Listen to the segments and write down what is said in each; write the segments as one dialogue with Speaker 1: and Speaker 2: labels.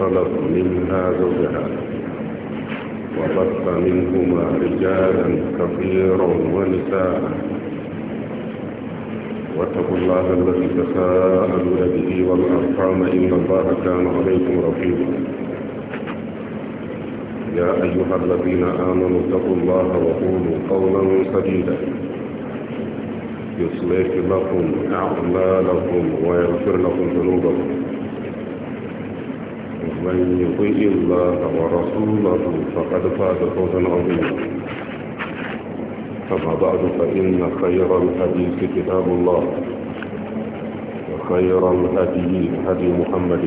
Speaker 1: خلق منها زوجها وبث منهما رجالا كثيرا ونساء واتقوا الله الذي تساءلوا به والارحام ان الله كان عليكم رقيبا يا ايها الذين امنوا اتقوا الله وقولوا قولا سديدا يصلح لكم اعمالكم ويغفر لكم ذنوبكم ومن يطيع الله ورسوله فقد فاز فوزا عظيما أما بعد فإن خير الحديث كتاب الله وخير الهدي هدي محمد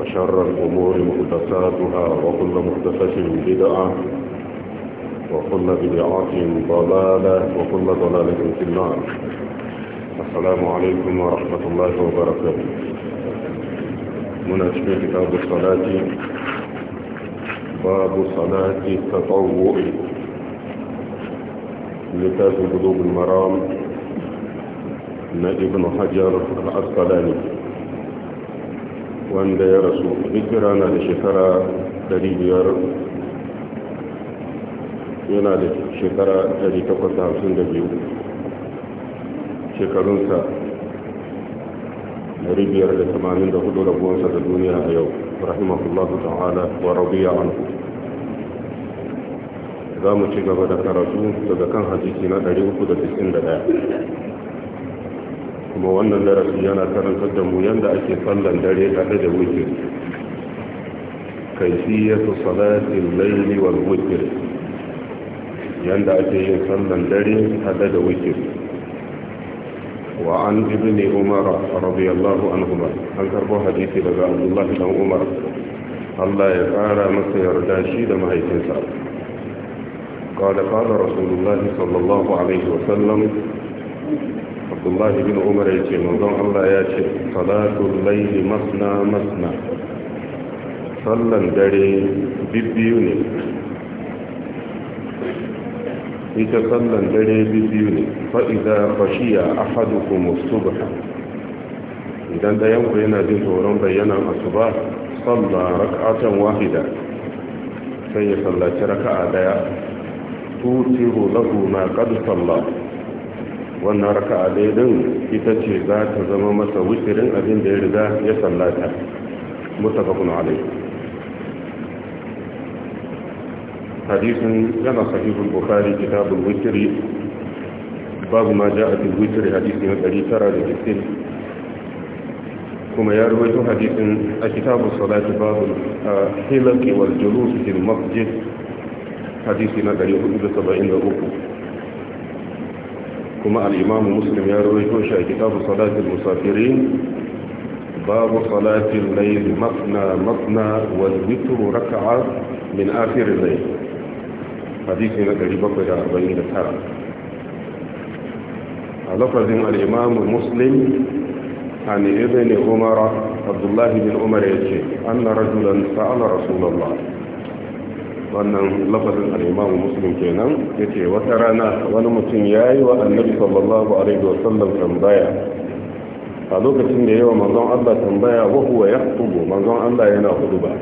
Speaker 1: وشر الأمور محدثاتها وكل محدثة بدعة وكل بدعة ضلالة وكل ضلالة في النار السلام عليكم ورحمة الله وبركاته muna cikin kitabu salati babu salati tatawwu littafin bulugul maram na ibn hajar al-asqalani wanda ya rasu hijira na da shekara 500 yana da shekara 852 shekarunsa مريد يرد التمامين ده هدول أبوان سد الدنيا أيو رحمه الله تعالى ورضي عنه إذا مشيك بدك رسول سد كان حديثنا دريو خد بسين دلاء كما وانا لرسيانا كان سد مويان ده أكي صلى دريو تحت الوكر كيفية صلاة الليل والوكر يان ده أكي صلى دريو تحت الوكر وعن ابن عمر رضي الله عنهما an karbo hadisi daga abdullahi dan umar Allah ya ƙara masa yarda shi da mahaifinsa قال قال رسول الله صلى الله عليه وسلم عبد الله بن عمر يتي من ظن الله يتي صلاة الليل مثنى مثنى صلى دري ببيوني ita sallan dare biyu ne fa'iza fashiya a haduku bata idan da yanku yana jin tsoron bayanan asuba salla rakatan wahida sai ya sallaci raka'a daya tuti lahu ma qad salla wannan raka'a daya din ita ce za ta zama masa wutirin abin da ya riga ya sallata mutafaqun alayhi حديث كما صحيح البخاري كتاب الوتر باب ما جاء في الوتر حديث من الذي ترى للسن كما يروي حديث كتاب الصلاة باب الحلق والجلوس في المسجد حديث من الذي حدود سبعين ركوع كما الإمام مسلم يروي كتاب صلاة المسافرين باب صلاة الليل مثنى مثنى والوتر ركعة من آخر الليل hadisi na 749 a lafazin al'imamu muslim عن ابن عمر عبد الله بن عمر يجي أن رجلا سأل رسول الله wannan lafazin al'imamu muslim kenan ya ce wata rana wani mutum ya yi wa annabi sallallahu alaihi wasallam tambaya a lokacin da yawa manzon Allah tambaya wahuwa ya hudu manzon Allah yana hudu ba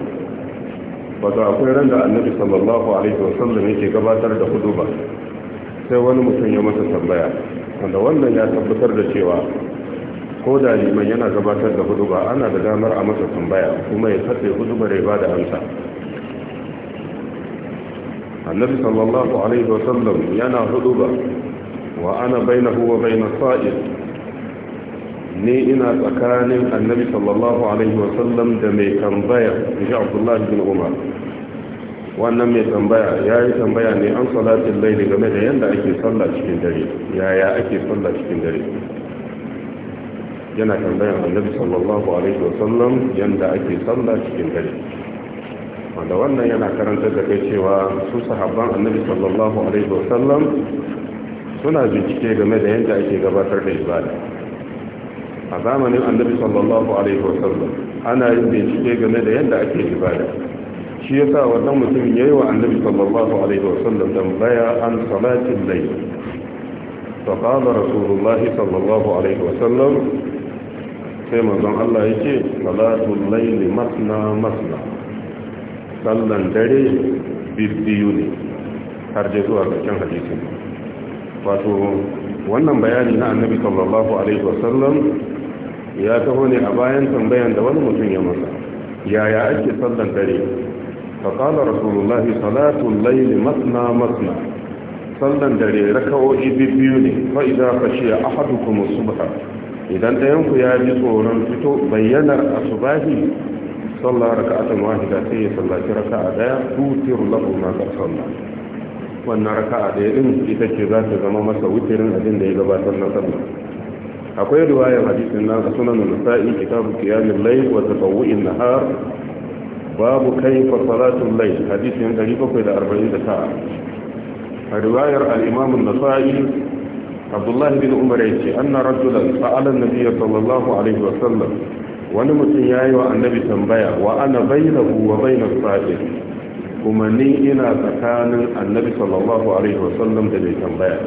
Speaker 1: wato akwai ran da annabi sallallahu alaihi wasallam yake gabatar da huduba sai wani mutum ya masa tambaya wanda wannan ya tabbatar da cewa ko da liman yana gabatar da huduba ana da damar a masa tambaya kuma ya katse hudubar ba da amsa annabi sallallahu alaihi wasallam yana huduba wa ana bainahu wa bainas sa'id ni ina tsakanin annabi sallallahu alaihi wasallam da mai tambaya shi abdullahi bin umar wannan mai tambaya ya yi tambaya ne an salatin laili game da yadda ake sallah cikin dare yaya ake sallah cikin dare yana tambayan annabi sallallahu alaihi wasallam yadda ake sallah cikin dare wanda wannan yana karanta da kai cewa su sahabban annabi sallallahu alaihi wasallam suna bincike game da yadda ake gabatar da ibada a zamanin annabi sallallahu alaihi wasallam ana yin bincike game da yadda ake ibada shi yasa wannan mutum yayi wa annabi sallallahu alaihi wasallam tambaya an salatin layl fa qala rasulullahi sallallahu alaihi wasallam sai manzon Allah yake salatul layl masna masna sallan dare bibbiyu ne har je zuwa cikin hadisi. wato wannan bayani na annabi sallallahu alaihi wasallam ya taho ne a bayan tambayan da wani mutum ya masa yaya ake sallan dare فقال رسول dare, صلاة الليل مثنى مثنى صلى دري ركعوي ببيوني فإذا خشي أحدكم الصبح idan ɗayanku ya ji tsoron fito bayyanar asubahi sallah raka'atan wahida sai ya sallaci raka'a daya tutir lahu ma qad wannan raka'a daya din ita ce za ta zama masa wutirin abin da ya gabatar na sallah akwai riwayar hadisin na sunan nasa'i kitabu qiyamul layl wa tatawwu'in nahar babu kayfa salatul layl hadisin 749 a riwayar al-imam an-nasa'i abdullahi bin umar yace anna rajulan sa'ala an-nabiy sallallahu alaihi wa sallam wani mutum yayi wa annabi tambaya wa ana bainahu wa bainas sa'il kuma ni ina tsakanin annabi sallallahu alaihi wa sallam da bai tambaya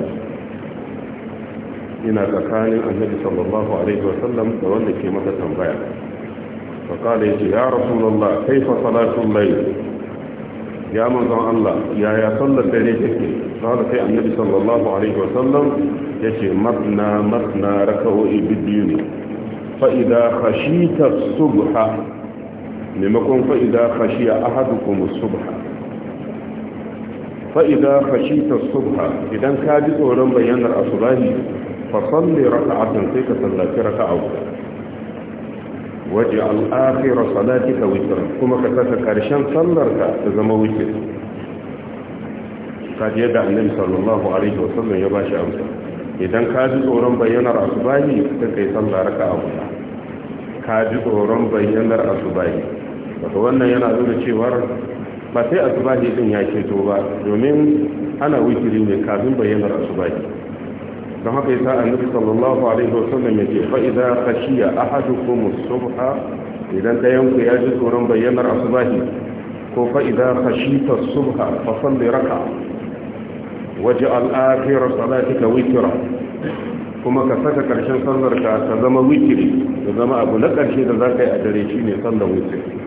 Speaker 1: ina tsakanin annabi sallallahu alaihi wasallam da wanda ke masa tambaya faƙala ya ce ya rasulallah kaifa salatun layi ya mazan Allah yaya sallar dare take saboda kai annabi sallallahu alaihi wasallam yace matna matna raka'o'i biyu ne fa idza khashita subha maimakon fa idza khashiya ahadukum subha fa idza khashita subha idan ka ji tsoron bayyanar asulahi fasalli raka'atun sai ka sallaci raka'a guda waje al'afira salati ka witar kuma ka saka karshen sallarka ta zama witar ka je da annabi sallallahu alaihi wasallam ya bashi idan ka ji tsoron bayyanar asubahi ka kai sallah raka'a guda ka ji tsoron bayyanar asubahi wato wannan yana nuna cewar ba sai asubahi din ya keto ba domin ana wikiri ne kafin bayyanar asubahi don haka yasa nufi sallallahu alaihi wasallam yace fa idza a ahadukum ko subha idan dayan ku ya ji tsoron bayyanar asubahi ko fa idza ta as-subha fa salli raka waj'al akhir salatika witra kuma ka saka karshen sallar ka ta zama witri ta zama abu na karshe da zaka yi a dare shine sallar witri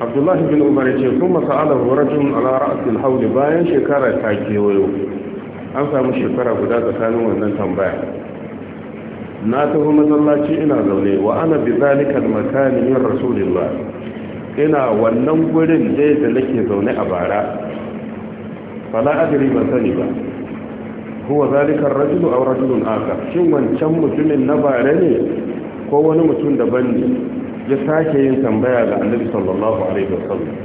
Speaker 1: abdullahi bin umar ya ce sun masa'ala rajulun ala ra'asil hauli bayan shekara ta kewayo an samu shekara guda tsakanin wannan tambaya na taho masallaci ina zaune wa ana bi zalikal makani min rasulillah ina wannan gurin dai da nake zaune a bara fala adri ban sani ba huwa zalikar rajulu aw rajulun akhar shin wancan mutumin na bare ne ko wani mutum daban ne ya sake yin tambaya ga annabi sallallahu alaihi wasallam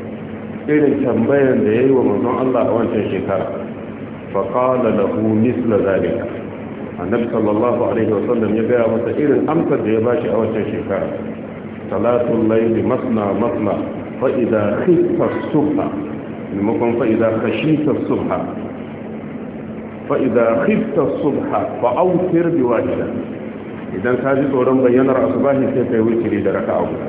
Speaker 1: irin tambayar da yayi wa manzon Allah a wancan shekara fa qala lahu misla zalika annabi sallallahu alaihi wasallam ya ga masa irin amsar da ya bashi a wancan shekara salatul layli masna masna fa idha khifa subha limakon fa idha khashita subha fa idha khifta subha fa awtir idan ka ji tsoron bayyanar asubahi sai kai witiri da raka'a guda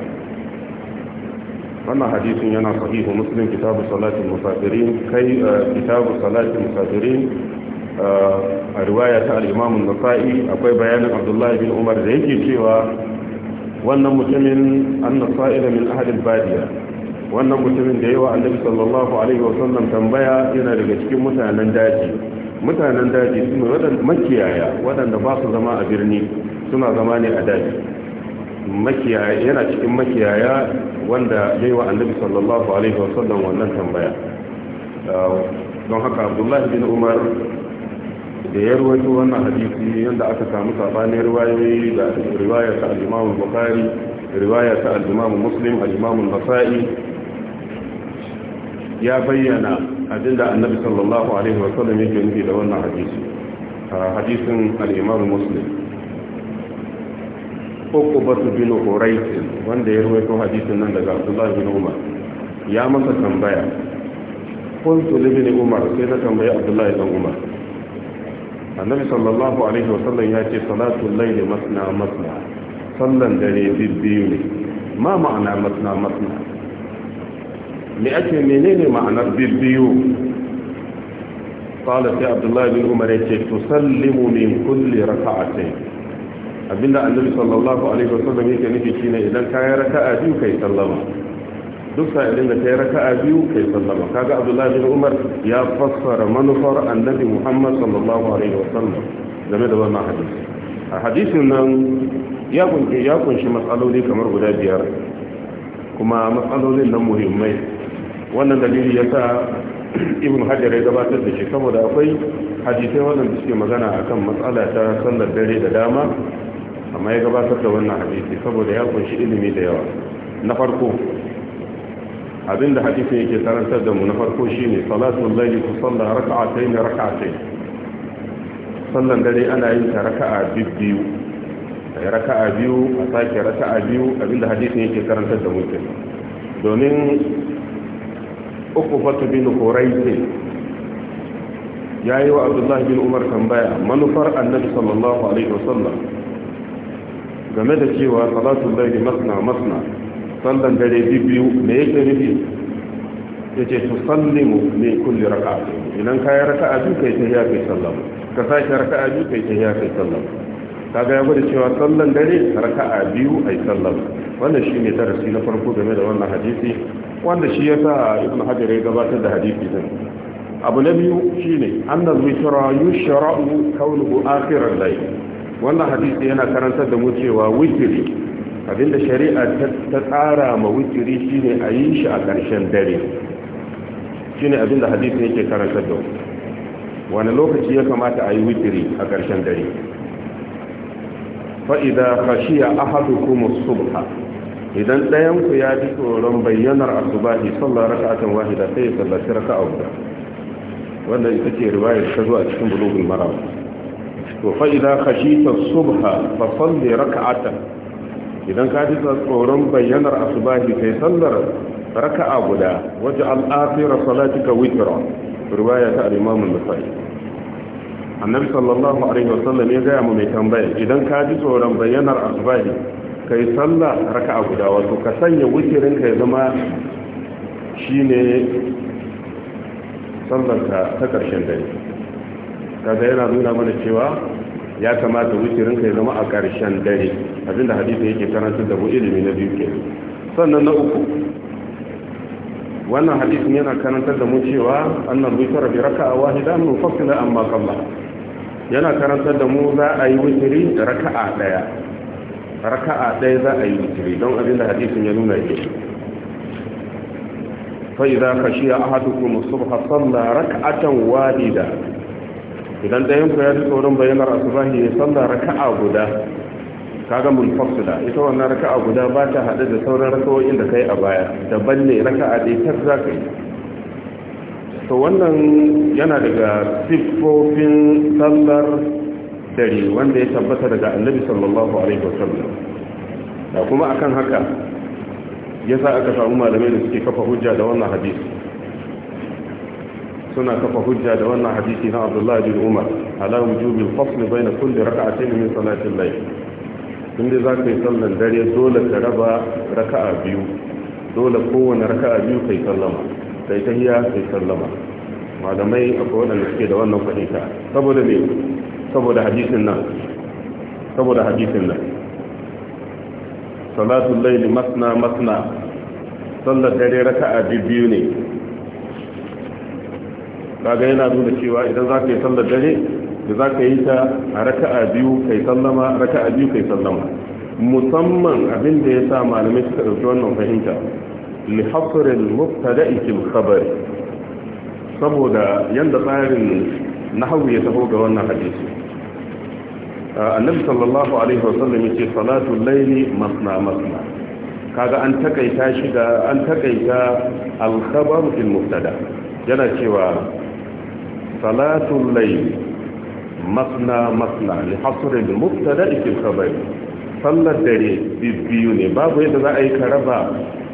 Speaker 1: wannan hadisin yana sahihu muslim kitabu salatin musafirin kai eh, kitabu salatin musafirin eh, a riwaya ta al'imamun nasa'i akwai bayanin abdullahi bin umar da yake cewa wannan mutumin an nasa'i da min ahalin badiya wannan mutumin da yawa annabi sallallahu alaihi wa sallam tambaya yana daga cikin mutanen daji mutanen daji su ne makiyaya waɗanda ba su zama a birni suna zama ne a daji makiyaya yana cikin makiyaya wanda yayi wa annabi sallallahu alaihi wasallam wannan tambaya uh, don haka abdullahi bin umar da ya ruwaito wannan hadisi yadda aka samu sabanin riwayoyi da riwaya ta al-Imam Bukhari riwaya ta al-Imam Muslim al-Imam Nasa'i ya bayyana abinda Annabi sallallahu alaihi wa sallam yake nufi da wannan hadisi uh, hadisin al-Imam Muslim basu bin huraitin wanda ya ruwaito hadisin nan daga abdullahi bin umar ya masa tambaya kuntu libni umar sai na tambayi abdullahi dan umar annabi sallallahu alaihi wa sallam ya ce salatul layli masna masna sallan dare biyu ne ma ma'ana masna masna me ake menene ma'anar biyu qala sai abdullahi bin umar ya ce tusallimu min kulli raka'atayn abinda annabi sallallahu alaihi wasallam yake nufi shine idan ka yi raka'a biyu kai sallama duk sa'ilin da ka yi raka'a biyu kai sallama kaga abdullahi bin umar ya fassara manufar annabi muhammad sallallahu alaihi wasallam game da wannan hadisi a hadisin nan ya kunshi ya kunshi matsaloli kamar guda biyar kuma matsalolin nan muhimmai wannan dalili yasa ibn hajar ya gabatar da shi saboda akwai hadisai waɗanda suke magana akan matsala ta sallar dare da dama amma ya gabatar da wannan hadisi saboda ya kunshi ilimi da yawa na farko abinda hadisin yake tarantar da mu na farko shine salatul layli tusalla rak'atayn rak'atayn sallan dare ana yin ta raka'a biyu ai raka'a biyu a sake raka'a biyu abinda hadisin yake tarantar da mu domin uku fatu bin ya yi wa abdullahi bin umar tambaya manufar annabi sallallahu alaihi wasallam game da cewa salatun laili masna masna sallan dare biyu me yake nufi yace tusallimu ne kulli raka'atin idan raka a biyu kai ya kai sallam? ka sake raka'a biyu kai ya kai sallama kaga ya gwada cewa sallan dare raka'a biyu ai sallam? wannan shine darasi na farko game da wannan hadisi wanda shi yasa ibnu hajar ya gabatar da hadisi din abu na biyu shine annal witra yushra'u qawluhu akhiran layl wannan hadisi yana karantar da mu cewa witiri abinda shari'a ta tsara ma witiri shine a yi shi a ƙarshen dare shine abinda hadisi yake karantar da wani lokaci ya kamata a yi witiri a ƙarshen dare fa'ida khashiya ahadukum as-subha idan ɗayan ku ya ji tsoron bayyanar asubahi sallar raka'atan wahida sai ya raka a guda wanda ita ce riwayar ta zo a cikin bulogin maram to fa idza khashita subha fa salli rak'atan idan ka ji tsoron bayyanar asubahi kai sallar raka'a guda waje al-akhir salatika witra riwaya ta al-imam an-nasai annabi sallallahu alaihi wasallam ya gaya mu mai tambaya idan ka ji tsoron bayyanar asubahi kai sallah raka'a guda wato ka sanya witrin ka ya zama shine sallar ka ta karshen dare kaga yana nuna mana cewa ya kamata wucirin ka ya zama a ƙarshen dare abinda hadisi yake karanta da bu ilimi na biyu kenan sannan na uku wannan hadisi yana karantar da mu cewa annan witara bi raka'a wahida min fasila amma kalla yana karantar da mu za a yi wutiri raka'a daya raka'a daya za a yi wutiri don abinda hadisin ya nuna yake fa idza khashiya ahadukum subha salla raka'atan wahida idan ɗayan ku ya ji tsoron bayyanar asubahi ya salla raka'a guda kaga munfasila ita wannan raka'a guda ba ta haɗe da sauran raka'o'in da kai a baya daban ne raka'a ɗaya tar za ka yi to wannan yana daga siffofin sallar dare wanda ya tabbata daga annabi sallallahu alaihi wasallam da kuma akan haka yasa aka samu malamai da suke kafa hujja da wannan hadisi suna kafa hujja da wannan hadisi na Abdullahi bin Umar ala wujubi al-fasl bayna kulli rak'atayn min salati al-layl inda za ka sallan dare dole ka raba raka'a biyu dole kowane raka'a biyu kai sallama kai tahiyya kai sallama malamai akwai wadanda suke da wannan fahimta saboda me saboda hadisin nan saboda hadisin nan salatul layl masna masna sallar dare raka'a biyu ne kaga yana nuna cewa idan za ka yi sallar dare da za ka yi ta a raka'a biyu kai sallama raka'a biyu kai sallama musamman abin da ya sa malamai suka ɗauki wannan fahimta li hafrin mubtada'i fil khabar saboda yanda tsarin nahwu ya taho ga wannan hadisi annabi sallallahu alaihi wa sallam yace salatu layli masna masna kaga an takaita shi da an takaita al khabar fil mubtada yana cewa salatul الليل مثنى مثنى لحصر المبتدا في الخبر صلى الدري sallar dare biyu ne babu yadda za a yi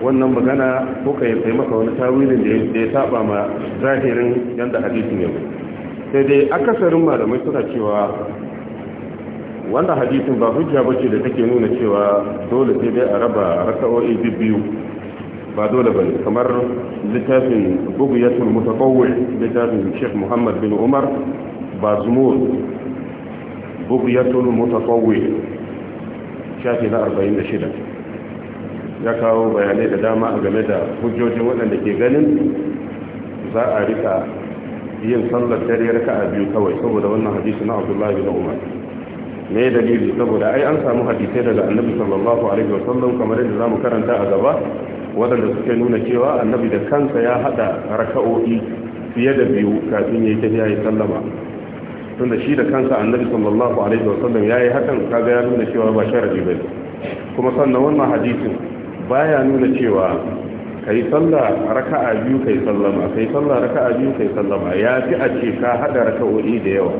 Speaker 1: wannan magana ko kai yi sai maka wani tawilin da ya saba ma zahirin yadda hadisi ne sai dai akasarin malamai suna cewa wannan hadisin ba hujja bace da take nuna cewa dole sai dai a raba raka'o'i biyu ba dole ba ne kamar littafin bugiyatul mutatawwi littafin Sheikh Muhammad bin Umar Bazmul bugiyatul mutatawwi shafi na 46 ya kawo bayanai da dama a game da hujjojin waɗanda ke ganin za a rika yin sallar dare a biyu kawai saboda wannan hadisi na Abdullahi bin Umar me dalili saboda ai an samu hadisai daga Annabi sallallahu alaihi wasallam kamar yadda zamu karanta a gaba waɗanda suke nuna cewa annabi da kansa ya haɗa raka'o'i fiye da biyu kafin ya yi tafiya ya sallama tun shi da kansa annabi sallallahu alaihi wa sallam ya yi hakan kaga ya nuna cewa ba sharadi ba kuma sannan wannan hadisin baya nuna cewa kai sallah raka'a biyu kai sallama kai sallah raka'a biyu kai sallama ya fi a ce ka haɗa raka'o'i da yawa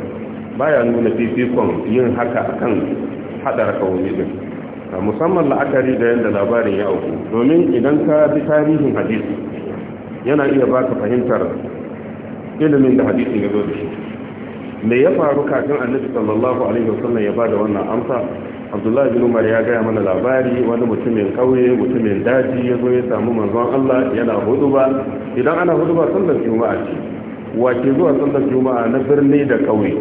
Speaker 1: baya nuna fifikon yin haka akan haɗa raka'o'i din musamman la'akari da yadda labarin ya auku domin idan ka fi tarihin hadisi yana iya baka fahimtar ilimin da hadisin ya zo da shi me ya faru kafin annabi sallallahu alaihi wasallam ya ba da wannan amsa abdullahi bin umar ya gaya mana labari wani mutumin kauye mutumin daji ya zo ya samu manzon Allah yana huduba idan ana huduba sallar juma'a ce wace zuwa sallar juma'a na birni da kauye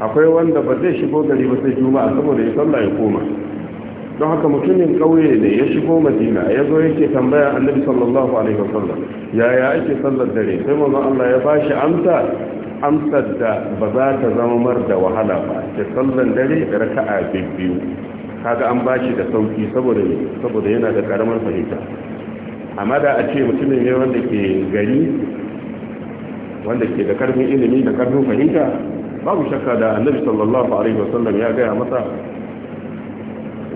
Speaker 1: akwai wanda ba zai shigo gari ba sai juma'a saboda ya sallah ya koma don haka mutumin ƙauye ne ya shigo madina ya zo yake tambaya annabi sallallahu alaihi wasallam yaya ake sallar dare sai manzon Allah ya bashi amsa amsar da ba za ta zama mar da wahala ba ta sallar dare da raka'a biyu kaga an bashi da sauki saboda saboda yana da karamar fahimta amma da a ce mutumin ne wanda ke gari wanda ke da karfin ilimi da karfin fahimta babu shakka da annabi sallallahu alaihi wasallam ya gaya masa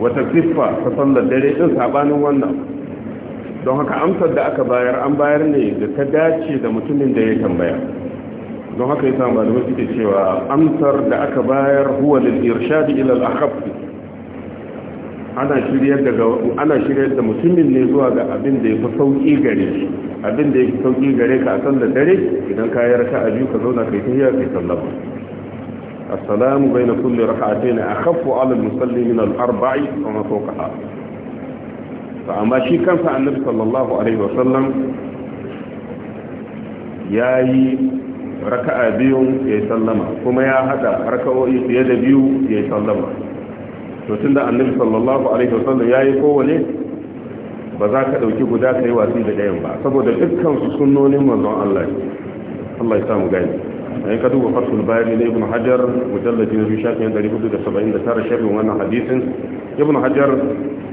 Speaker 1: wata siffa ta sallar dare din sabanin wannan don haka amsar da aka bayar an bayar ne da ta dace da mutumin da ya tambaya don haka ya yasa malamai suke cewa amsar da aka bayar huwa da irshad ila al ana shiryar ana shiryar da mutumin ne zuwa ga abin da yafi sauƙi gare abin da fi sauki gare ka a sallar dare idan ka yarka a biyu ka zauna kai ta tahiya kai sallama السلام بين كل ركعتين أخف على المصلي من الأربع وما فوقها فأما شي كان النبي صلى الله عليه وسلم ياي ركعة بيوم يسلم كما يا هذا ركعة يد بيو يسلم وتند النبي صلى الله عليه وسلم ياي قوله ba za ka ɗauki guda ka yi watsi da ɗayan ba saboda dukkan su sunnonin manzon Allah Allah ya samu gani sai ka duba fatul bayani na ibn hajar mujalladi na shafin dari hudu da saba'in da tara shafin wannan hadisin ibn hajar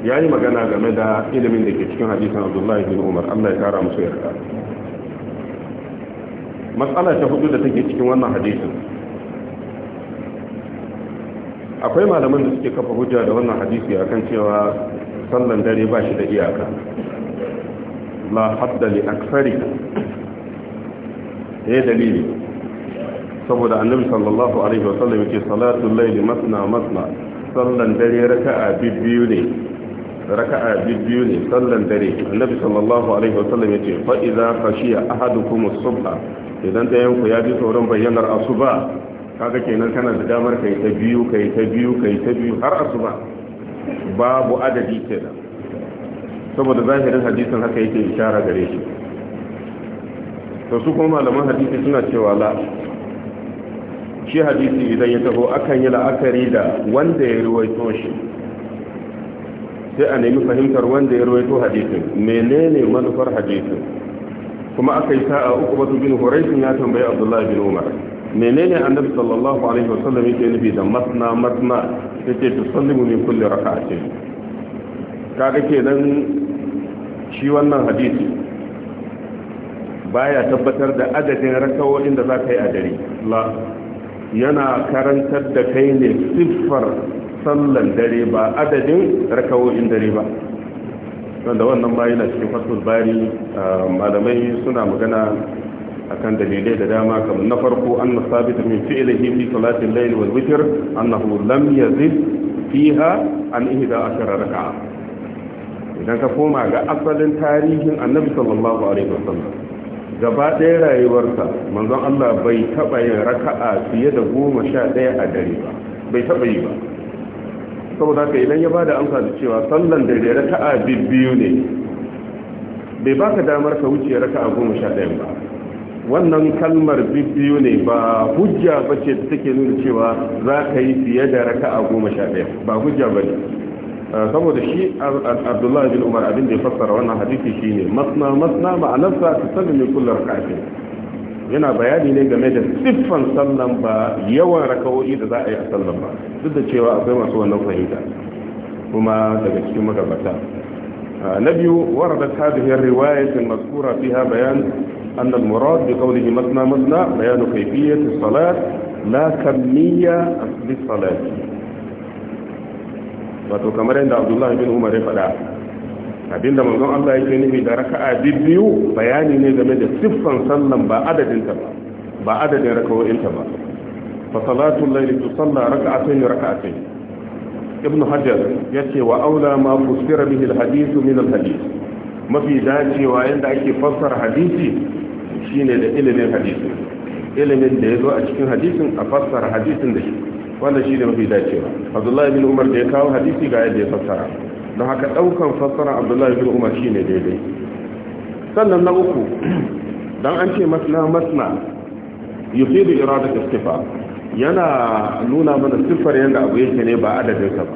Speaker 1: ya yi magana game da ilimin da ke cikin hadisin abdullahi bin umar allah ya kara musu yarda matsala ta hudu da take cikin wannan hadisin akwai malaman da suke kafa hujja da wannan hadisi kan cewa sallan dare ba shi da iyaka la hadda li aksari eh dalili saboda annabi sallallahu alaihi wa sallam yake salatu layli masna masna sallan dare raka'a biyu ne raka'a biyu ne sallan dare annabi sallallahu alaihi wa sallam yake fa idza khashiya ahadukum as-subha idan dayan ku ya ji tsoron bayyanar asuba kaga kenan kana da damar kai ta biyu kai ta biyu kai ta biyu har asuba babu adadi kenan saboda zahirin hadisin haka yake ishara gare shi to su kuma malaman hadisi suna cewa la shi hadisi idan ya taho akan yi la'akari da wanda ya ruwaito shi sai a nemi fahimtar wanda ya ruwaito hadisin menene manufar hadisin kuma aka yi sa'a uku batu bin huraisun ya tambayi abdullahi bin umar menene annabi sallallahu alaihi wasallam yake nufi da masna masna yake tusallimu min kulli raka'atin kaga kenan shi wannan hadisi baya tabbatar da adadin rakawoyin da za ka yi a dare la yana karantar da kai ne siffar sallan dare ba adadin rakawoyin dare ba wanda wannan ma yana cikin fasul bari malamai suna magana akan dalilai da dama kamar na farko na sabita min fi'lihi fi salati al-layl wal witr annahu lam yazid fiha an ihda ashara raka'a idan ka koma ga asalin tarihin annabi sallallahu alaihi wasallam gaba ɗaya rayuwarsa manzon Allah bai taɓa yin raka'a fiye da goma sha ɗaya a dare ba bai taɓa yi ba saboda haka idan ya bada amsa da cewa sallan dare raka'a biyu ne bai baka damar ka wuce raka'a goma sha ɗaya ba wannan kalmar biyu ne ba hujja bace da take nuna cewa za ka yi fiye da raka'a goma sha ɗaya ba hujja ba ne saboda shi abdullahi bin umar abin da ya fassara wannan hadisi shine masna masna ma'anarsa ta sallame kullar kafin yana bayani ne game da siffan sallan ba yawan rakawoyi da za a yi a sallan ba duk da cewa akwai masu wannan fahimta kuma daga cikin magabata na biyu waradat hadhihi riwayat al-mazkura fiha bayan murad أن المراد masna مثنى مثنى بيان salat la kamiyya كمية للصلاة wato kamar yadda abdullahi bin umar ya faɗa abinda manzon Allah yake nufi da raka'a biyu bayani ne game da siffan sallan ba adadin ta ba ba adadin raka'o'in ta ba fa salatu al-layli tusalla raka'atayn raka'atayn ibn hajar yace wa aula ma fusira bihi al-hadith min al mafi dacewa yanda ake fassara hadisi shine da ilimin hadisi ilimin da yazo a cikin hadisin a fassara hadisin da shi wanda shi ne mafi dacewa abdullahi bin umar da ya kawo hadisi ga yadda ya fassara don haka daukan fassara abdullahi bin umar shi ne daidai sannan na uku don an ce masna masna yufidu irada istifa yana nuna mana siffar yadda abu yake ne ba adadin sa ba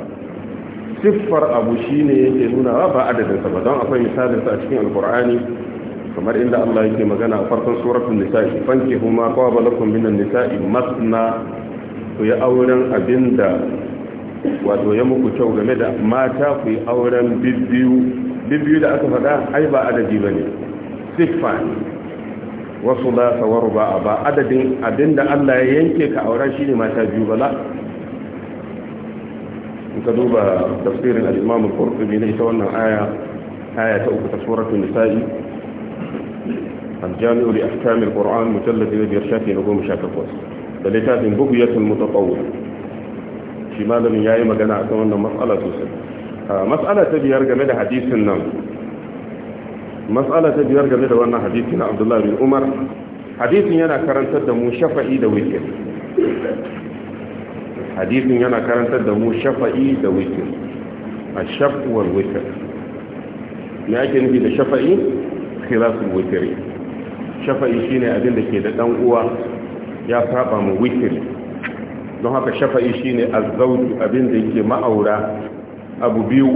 Speaker 1: siffar abu shine yake nuna ba adadin sa ba don akwai misalin sa a cikin alkur'ani kamar inda Allah yake magana a farkon suratul nisa fankihu ma qaba lakum minan nisa'i masna ku yi auren abin da wato ya muku kyau game da mata ku yi auren bibbiyu bibbiyu da aka faɗa ai ba adadi ba ne siffa wasu da sawar ba a ba adadin abin da allah ya yanke ka auren shi ne mata biyu ba ka duba tafsirin al'imamun kurtubi na ita wannan aya aya ta uku ta suratun nisa'i aljami'ul ahkamil qur'an mujallad 5 shafi 18 da littafin bugiyatul mutatawwi shi malamin ya yi magana akan wannan mas'ala sosai ah, mas'ala ta biyar game da hadisin nan mas'ala ta biyar game da wannan hadisin na Abdullahi bin Umar hadisin yana karantar da mu shafa'i da witir hadisin yana karantar da mu shafa'i da witir A shafuwar wal witr me ake nufi da shafa'i khilafin witri shafa'i shine abin da ke da dan uwa ya saba mu witr don haka shafa'i shine azzawju abin da yake ma'aura abu biyu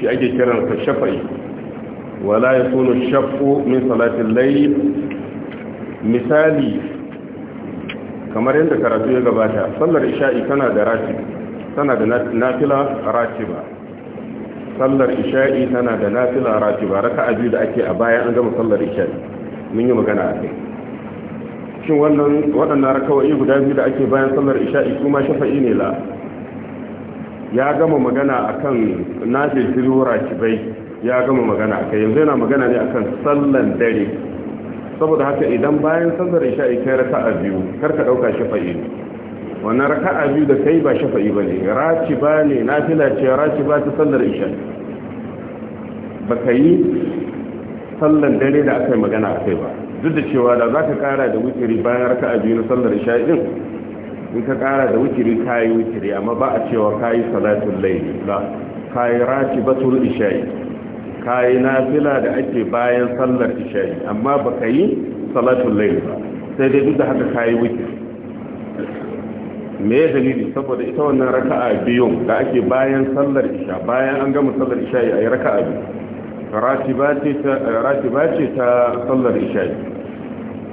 Speaker 1: shi ake sa shafa'i wala yakunu shaqqu min salati al-layl misali kamar yadda karatu ya gabata sallar isha'i tana da rati tana da nafila ratiba sallar isha'i tana da nafila raka'a biyu da ake a baya an gama sallar isha'i mun yi magana a kai shin wannan waɗannan rakawai guda biyu da ake bayan sallar isha'i kuma shafa'i ne la ya gama magana akan nafil filura kibai ya gama magana akai yanzu yana magana ne akan sallan dare saboda haka idan bayan sallar isha'i kai raka'a biyu kar ka dauka shafa'i ne wannan raka'a biyu da kai ba shafa'i bane ba ne nafila ce ba ta sallar isha'i baka yi sallan dare da aka yi magana akai ba duk da cewa da za ka kara da wikiri bayan raka a biyu na sallar sha'in in ka kara da wikiri ka yi wikiri amma ba a cewa ka yi salatun laili ba ka yi ba tun isha'i ka yi nafila da ake bayan sallar isha'i amma ba ka yi salatun laili ba sai dai duk da haka ka yi wikiri me dalili saboda ita wannan raka'a biyun da ake bayan sallar isha bayan an gama sallar isha'i a yi raka'a biyu ratiba ce ta sallar isha'i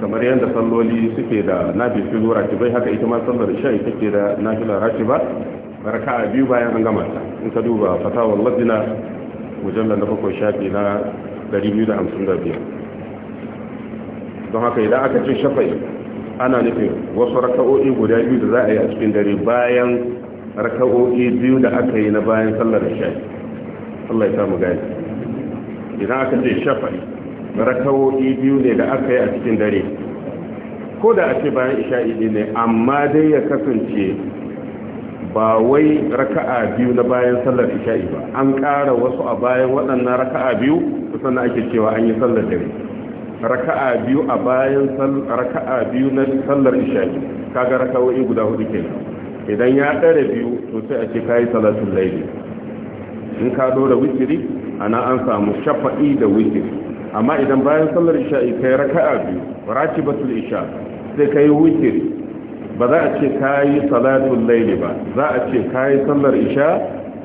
Speaker 1: kamar yadda salloli suke da nafifilu ratibai haka ita ma sallar isha'i take da nafila ratiba baraka a biyu bayan an gama ta in ka duba fatawar lardina mujallar na bakwai shafi na 255 don haka idan aka ce shafai ana nufin wasu raka'o'i guda biyu da za a yi a cikin dare bayan raka'o'i biyu da aka yi na bayan sallar isha'i Allah ya samu gani idan aka ce shafa'i rakawo'i biyu ne da aka yi a cikin dare ko da a ce bayan isha'i ne amma dai ya kasance ba wai raka'a biyu na bayan sallar isha'i ba an ƙara wasu a bayan waɗannan raka'a biyu kusan ake cewa an yi sallar dare raka'a biyu a bayan raka'a biyu na sallar isha'i kaga rakawo'i guda hudu ke idan ya ɗara biyu sosai sai a ce yi salatun laili in ka dora wikiri ana an samu shafa'i da witir amma idan bayan sallar isha'i kai raka'a biyu batul isha sai kai witir ba za a ce kayi salatul laili ba za a ce kayi sallar isha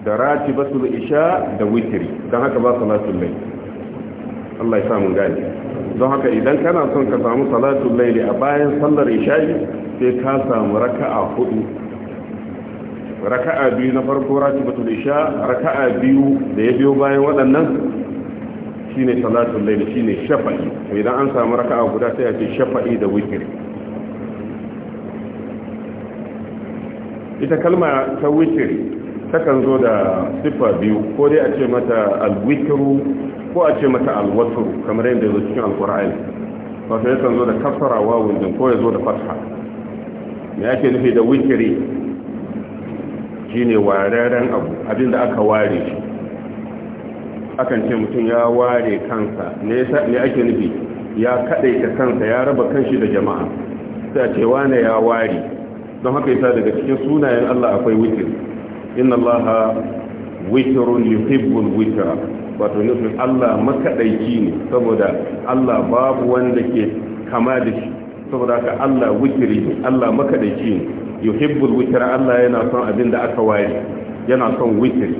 Speaker 1: da batul isha da witir don haka ba salatul laili. Allah ya samu gani don haka idan kana son ka samu salatun laili a bayan sallar isha'i sai ka samu raka'a hudu raka'a biyu na farko ratibatul isha raka'a biyu da ya biyo bayan waɗannan shine salatul layl shine shafa'i to idan an samu raka'a guda sai a ce shafa'i da witr ita kalma ta witr kan zo da sifa biyu ko dai a ce mata alwitru ko a ce mata alwatru kamar yadda yazo cikin alqur'ani wato kan zo da kasara wawun din ko yazo da fatha me yake nufi da witri shi ne wararen abu da aka ware shi akan ce mutum ya ware kansa ne ake nufi ya kadaita kansa ya raba kanshi da jama'a sai ce wane ya ware don haka yasa daga cikin sunayen Allah akwai wikir inna Allah wikirun yuhibbul wikir wato nufin Allah makaɗaiki ne saboda Allah babu wanda ke kama da shi saboda haka Allah wikiri Allah makaɗaiki ne yuhibbul witra Allah yana son abin da aka ware yana son witri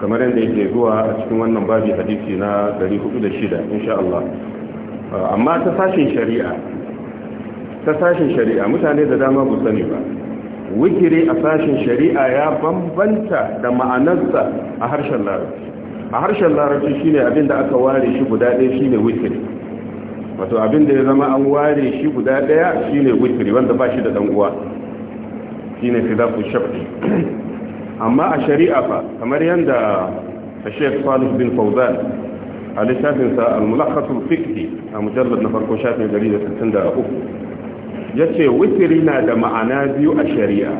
Speaker 1: kamar yadda yake zuwa a cikin wannan babi hadisi na 406 insha Allah amma ta sashin shari'a ta sashin shari'a mutane da dama ba sani ba wikiri a sashin shari'a ya bambanta da ma'anarsa a harshen larabci a harshen larabci shine abin da aka ware shi guda ɗaya shine wikiri wato abin da ya zama an ware shi guda ɗaya shine wikiri wanda ba shi da ɗan uwa shine khilafu shafi. amma a shari'a fa kamar yanda Sheikh Salih bin Fawzan a littafin sa al-mulakhas al-fiqhi a mujallad na farko shafin 163 yace witri na da ma'ana biyu a shari'a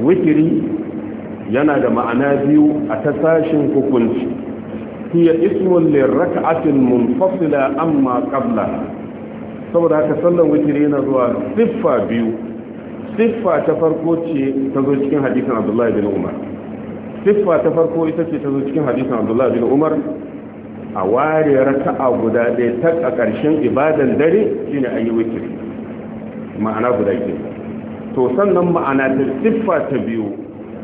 Speaker 1: witri yana da ma'ana biyu a tasashin hukunci hiya ismun lirraka'atin munfasila amma qabla saboda haka sallan witri yana zuwa siffa biyu siffa ta farko ce ta zo cikin hadisan abdullahi bin umar siffa ta farko ita ce ta zo cikin hadisan abdullahi bin umar a ware raka'a guda ɗaya ta a ƙarshen ibadan dare shine an yi wikir ma'ana guda ke to sannan ma'ana ta siffa ta biyu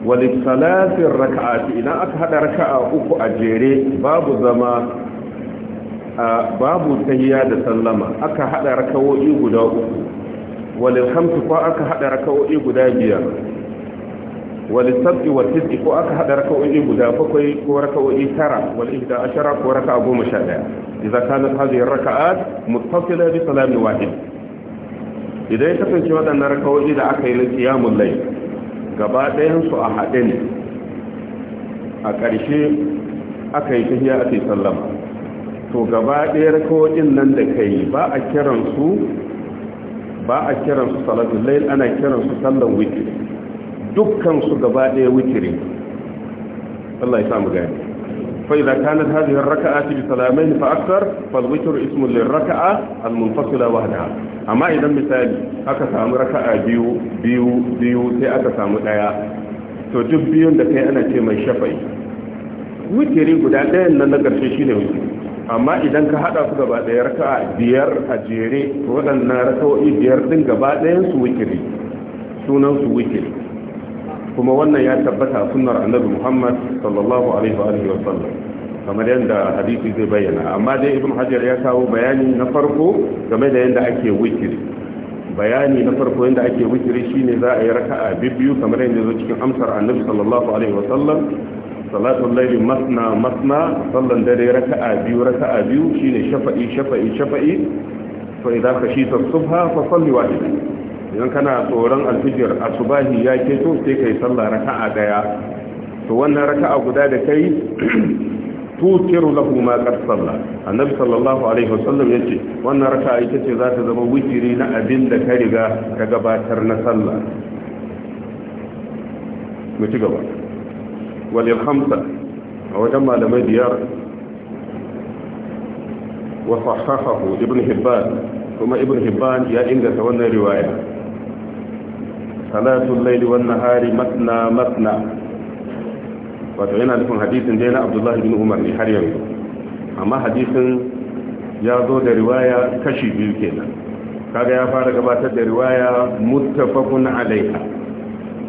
Speaker 1: wali salatin ce idan aka hada raka'a uku a jere babu zama babu tahiya da sallama aka hada raka'o'i guda uku walil hamsi ko aka haɗa raka'o'i guda biyar walil sab'i wal ko aka haɗa raka'o'i guda bakwai ko raka'o'i tara wal ihda ashara ko raka'a goma sha daya idza kanat hadhihi raka'at muttasila bi salamin wahid idan ya kasance waɗannan raka'o'i da aka yi na qiyamul layl gaba ɗayan su a haɗe ne a ƙarshe aka yi ta tafiya a yi sallama to gaba ɗaya rakawoyin nan da ka yi ba a kiransu ba a kiransu salatul lail ana kiransu sallan wikiri dukkan su gaba ɗaya witri Allah ya samu gani fa idza kanat hadhihi ar bi salamayn fa akthar fal witr lir-rak'a al-munfasila wahdaha amma idan misali aka samu raka'a biyu biyu biyu sai aka samu daya to duk biyun da kai ana ce mai shafa'i witri guda ɗayan nan na ƙarshe shine witri amma idan ka hada su gaba daya raka'a biyar a jere to waɗannan raka'o'i biyar din gaba ɗayan su wikiri sunan su wikiri kuma wannan ya tabbata a sunnar annabi Muhammad sallallahu alaihi wa alihi wa sallam kamar yadda hadisi zai bayyana amma dai ibn hajar ya kawo bayani na farko game da yadda ake wikiri bayani na farko yadda ake wikiri shine za a yi raka'a biyu kamar yadda zo cikin amsar annabi sallallahu alaihi wa sallam salatun laili masna masna sallan dare raka'a biyu raka'a biyu shine shafa'i shafa'i shafa'i fa idza khashita subha fa salli wahida idan kana tsoron alfijir asubahi ya keto sai kai sallah raka'a daya to wannan raka'a guda da kai tutiru lahu ma qad salla annabi sallallahu alaihi wasallam yace wannan raka'a ita ce za ta zama witiri na abin da ka riga ka gabatar na sallah mu ci gaba walil hamsa a wajen malamai biyar wa sahahahu ibn hibban kuma ibn hibban ya inganta wannan riwaya salatul laili wannan hari matna matna wato yana nufin hadisin dai na abdullahi bin umar ne har yanzu amma hadisin ya zo da riwaya kashi biyu kenan kaga ya fara gabatar da riwaya muttafaqun alaiha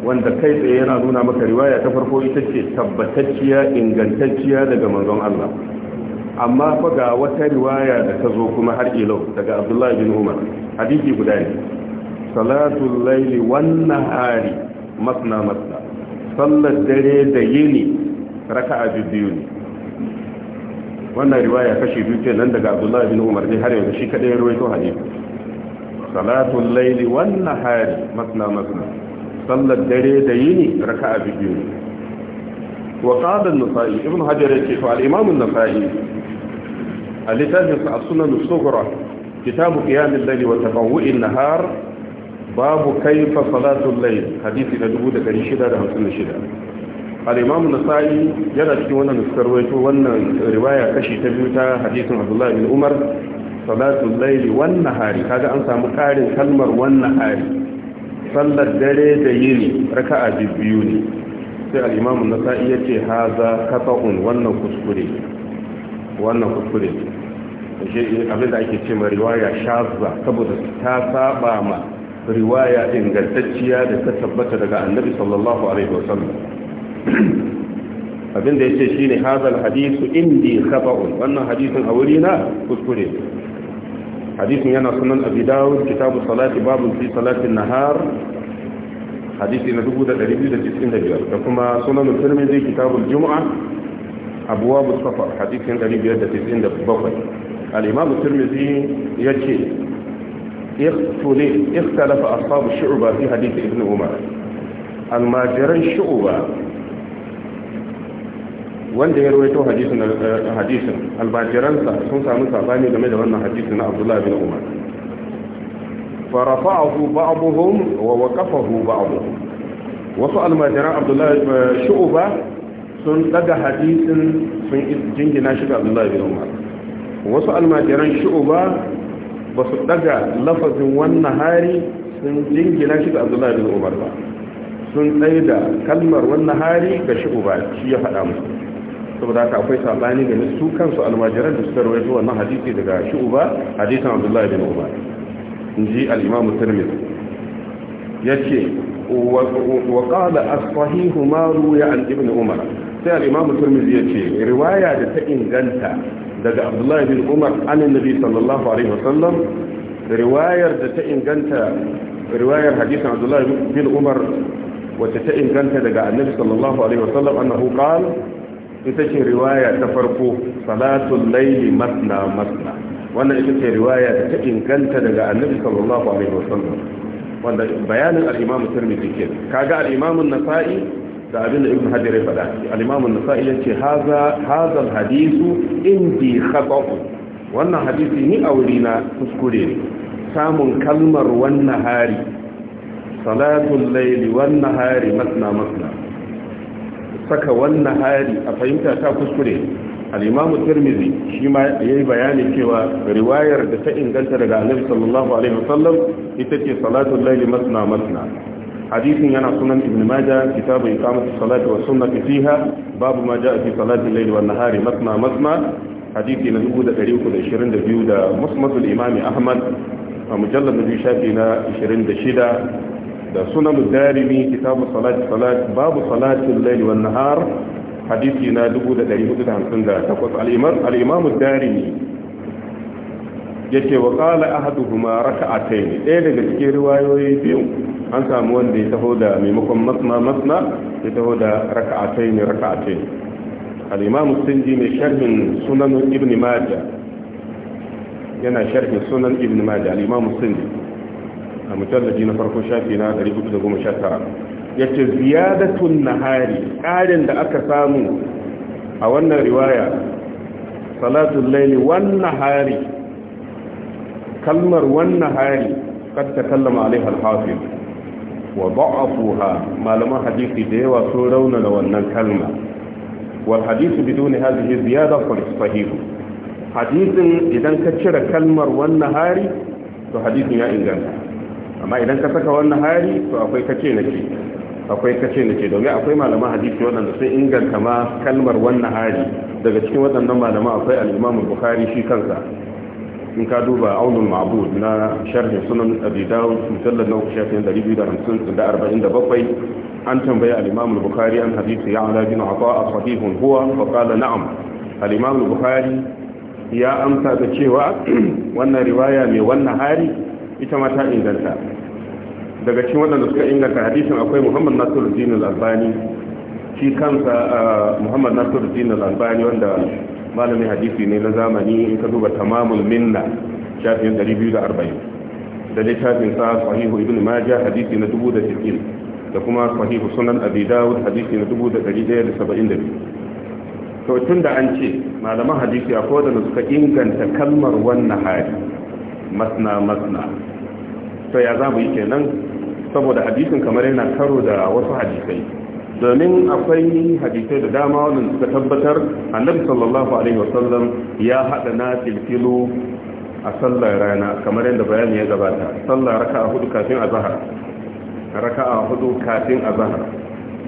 Speaker 1: wanda kai tsaye yana nuna maka riwaya ta farko ita ce tabbatacciya ingantacciya daga manzon Allah amma fa ga wata riwaya da ta zo kuma har ilau daga Abdullahi bin Umar hadisi guda ne salatul laili wan nahari masna masna sallar dare da yini raka'a biyu ne wannan riwaya kashi biyu ce nan daga Abdullahi bin Umar ne har yanzu shi kadai ya rawaito hadisi salatul laili wan nahari masna masna sallar dare da yini raka'a biyu ne wa qala an-nasa'i ibn hajar yake to al-imam an-nasa'i A litafin sa sunan as-sughra kitabu qiyam al-layl wa taqawwu an-nahar babu kayfa salatu al-layl hadisi na 1656 al-imam an-nasa'i yana cikin wannan nuskar wannan riwaya kashi ta biyu ta hadisin abdullah bin umar salatu al-layl wan-nahari kaga an samu karin kalmar wan-nahari sallar dare da yini raka'a biyu ne sai al-imamu nasa'i ce haza kafa'un, wannan kuskure wannan kuskure shi abin da ake ce ma riwaya shazza saboda ta saba ma riwaya ingantacciya da ta tabbata daga annabi sallallahu alaihi wasallam abin da shi ne hazal hadisu indi kafa'un, wannan hadisin a wurina kuskure hadisin yana sunan abi dawud kitabu salati babu fi salatin nahar hadisi na 2295 da kuma sunan tirmidhi kitabul jumu'a abwab as-safar hadisin 597 al-imam tirmidhi yace اختلف أصحاب الشعبة في حديث ابن عمر الماجرين شعبة wanda ya rawaito hadisin eh, hadisin albajiransa sun samu sabani game da wannan hadisin na Abdullah bin Umar fa rafa'ahu ba'dhum wa waqafahu ba'dhum wasu almajiran Abdullah eh, Shu'ba sun daga hadisin sun jingina shi ga Abdullah bin Umar wasu almajiran Shu'ba ba su daga lafazin wannan hari sun jingina shi ga Abdullah bin Umar ba sun tsaye da kalmar wannan hari ga Shu'ba shi ya faɗa musu saboda haka akwai sabani game su kansu almajiran da suka rawaito wannan hadisi daga shu'ba hadisin abdullahi bin umar inji al-imam tirmidhi yace wa qala as-sahih ma ruya an ibn umar sai al-imam tirmidhi yace riwaya da ta inganta daga abdullahi bin umar anin sallallahu alaihi wasallam riwayar da ta inganta riwayar hadisin abdullahi bin umar wacce ta inganta daga annabi sallallahu alaihi wasallam annahu qala ita ce riwaya ta farko salatul laili masna masna wannan ita ce riwaya da ta inganta daga annabi sallallahu alaihi wasallam wanda bayanin al-imam tirmidhi ke kaga al-imam an-nasa'i da abin da ibn hajar ya faɗa al-imam an-nasa'i yace haza haza al-hadithu indi khata wannan hadisi ni a wurina kuskure ne samun kalmar wannan hari salatul laili wannan hari masna masna saka wannan hari a fahimta ta kuskure Alimamu imam shi ma ya yi bayani cewa riwayar da ta inganta daga annabi sallallahu alaihi wasallam ita ce salatul layli masna masna hadisin yana sunan ibn Maja, kitabu iqamati salati wa sunnati fiha babu ma jaa fi salati al-layli wan nahari masna masna hadisi na 322 da musnad al-imam ahmad a mujallad bi shafi na 26 da sunan darimi kitabu salati salat babu salatin laili wan nahar hadisi na 1458 al-imam al-imam darimi yake wa qala ahaduhuma rak'atayn ɗaya daga cikin riwayoyi biyu an samu wanda ya taho da maimakon masna masna ya taho da rak'atayn rak'atayn al-imam sunji mai sharhin sunan ibn majah yana sharhin sunan ibn majah al-imam sinji a mujallaji na farko shafi na 419 yace ziyadatun nahari ƙarin da aka samu a wannan riwaya salatul laili wan hari, kalmar wan hari kad takallama alaiha al-hafiz wa da'afuha malaman hadisi da yawa sun raunana wannan kalma wal hadisu biduni hadhihi ziyada sahih hadisin idan ka cire kalmar wannan hari to hadisin ya inganta amma idan ka saka wannan hari to akwai kace nake akwai kace nake domin akwai malaman hadisi waɗanda sun inganta ma kalmar wannan hari daga cikin waɗannan malaman akwai al-Imam Bukhari shi kansa in ka duba Aunul Ma'bud na sharhin Sunan Abi Dawud mujallad na 247 an tambayi al-imam al-bukhari an hadisi ya ala bin ata sahihun huwa fa qala na'am al-imam al-bukhari ya amsa da cewa wannan riwaya mai wannan hari ita ma ta inganta daga cikin waɗanda suka inganta hadisin akwai muhammad nasiruddin al-albani shi kansa muhammad nasiruddin al-albani wanda malamin hadisi ne na zamani in ka duba tamamul minna shafin 240 da littafin sa sahihu ibn majah hadisi na 260 da kuma sahihu sunan abi dawud hadisi na 1172 to tun da an ce malaman hadisi a kowane suka inganta kalmar wannan hali masna masna to ya za mu yi kenan saboda hadisin kamar yana karo da wasu hadisai domin akwai hadisai da dama wadanda suka tabbatar annabi sallallahu alaihi wasallam ya hada na filfilo a sallar rana kamar yadda bayani ya gabata sallar raka a hudu kafin raka a hudu kafin azhar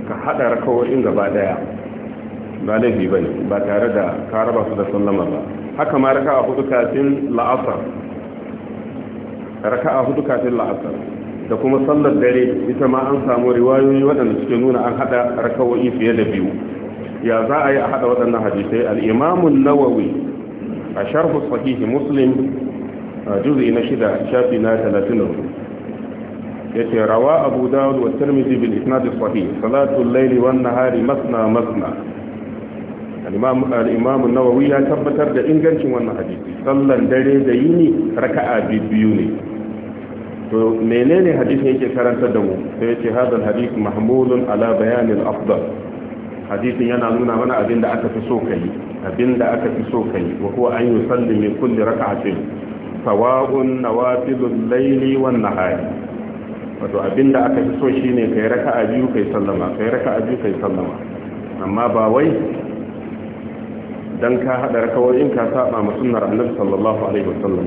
Speaker 1: ka hada rakawoyin gaba daya ba laifi bane ba tare da ka raba su da sallama ba haka ma raka a hudu kafin la'asar raka'a hudu kafin la'asar da kuma sallar dare ita ma an samu riwayoyi waɗanda suke nuna an haɗa raka'o'i fiye da biyu ya za a yi a haɗa waɗannan hadisai al'imamun nawawi a sharhu sahihi muslim a juzi na shida shafi na talatin ya ce rawa abu dawud wa tirmidhi bil isnad sahih salatul layli wan nahari masna masna al-imam an-nawawi ya tabbatar da ingancin wannan hadisi sallan dare da yini raka'a biyu ne to menene hadisin yake karantar da mu sai yace hadal hadith mahmulun ala bayan al-afdal hadisin yana nuna mana abin da aka fi so kai abin da aka fi so kai wa huwa an yusalli min kulli raka'atin sawa'un nawafilul layli wan nahar wato abin da aka fi so shine kai raka'a biyu kai sallama kai raka'a biyu kai sallama amma ba wai dan ka hada rakawoyin ka saba ma sunnar annabi sallallahu alaihi wasallam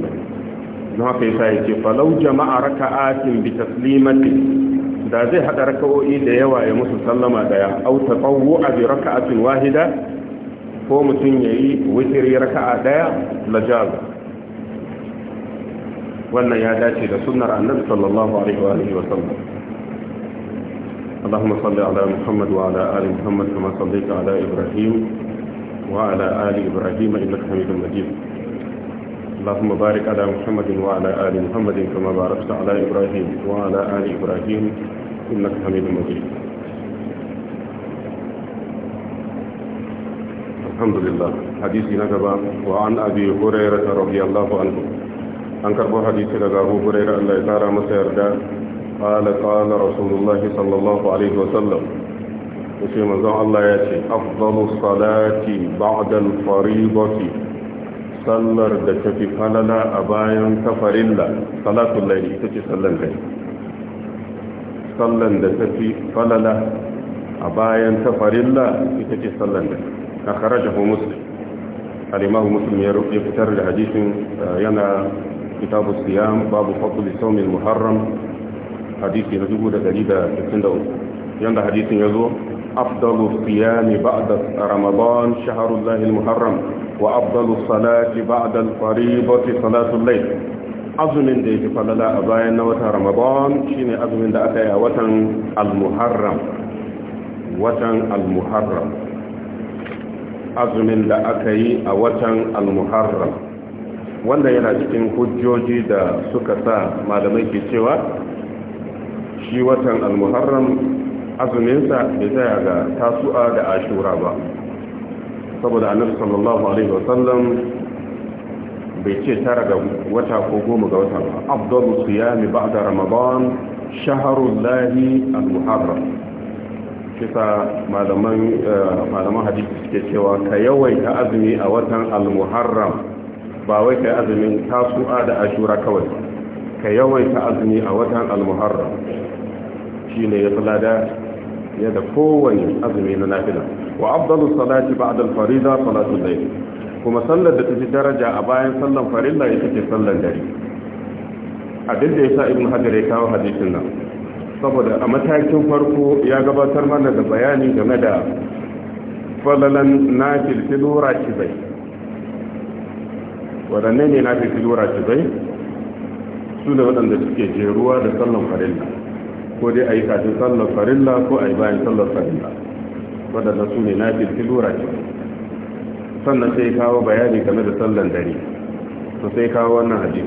Speaker 1: don haka yasa ce falau jama'a raka'atin bi taslimati da zai hada rakawoyi da yawa ya musu sallama daya au tatawwu'a bi raka'atin wahida ko mutum yayi witri raka'a daya lajaz wannan ya dace da sunnar annabi sallallahu alaihi wa sallam اللهم صل على محمد وعلى آل محمد كما صليت على إبراهيم وعلى آل إبراهيم إنك حميد مجيد اللهم بارك على محمد وعلى آل محمد كما باركت على إبراهيم وعلى آل إبراهيم إنك حميد مجيد الحمد لله حديثي نقبا وعن أبي هريرة رضي الله عنه أنكر حديثي نقبا أبو هريرة الله تعالى مسير قال قال رسول الله صلى الله عليه وسلم وفي مزاق الله ياتي أفضل الصلاة بعد الفريضة سلر دكتي فللا أبايا كفر الله صلاة الليل تتي صلى الليل صلى دكتي فللا أبايا كفر الله تتي صلى الليل أخرجه مسلم الإمام مسلم يكتر الحديث آه، ينا كتاب الصيام باب فضل الصوم المحرم حديث يجب أن تجد في السندوق يندى حديث يزور أفضل الصيام بعد رمضان شهر الله المحرم وأفضل الصلاة بعد الفريضة صلاة الليل azumin da yake falala a bayan na watan ramadan shine azumin da aka yi a watan al-muharram watan al-muharram azumin da aka yi a watan al-muharram wanda yana cikin hujjoji da suka sa malamai ke cewa shi watan al-muharram azuminsa bai tsaya ga tasu'a da ashura ba saboda annabi sallallahu alaihi wasallam bai ce tara ga wata ko goma ga wata ba abdullu siyami ba'da ramadan shaharul lahi al-muharram kisa malaman eh, malaman hadisi suke cewa ka yawaita azumi a watan al-muharram ba wai kai azumin tasu'a da ashura kawai ka yawaita azumi a watan al-muharram ne ya fi lada fiye da kowane azumi na nafila wa afdalu salati ba'da al-farida salatu al-layl kuma sallar da tafi daraja a bayan sallar farilla ita ce sallar dare abin da yasa ibn hajar ya kawo hadisin nan saboda a matakin farko ya gabatar mana da bayani game da falalan nafil filura kibai wadannan ne nafil filura kibai su da waɗanda suke jeruwa da sallan farilla ko dai a yi kafin sallar farilla ko a yi bayan sallar farilla waɗanda su ne na lura ce sannan sai kawo bayani game da sallar dare to sai kawo wannan hadis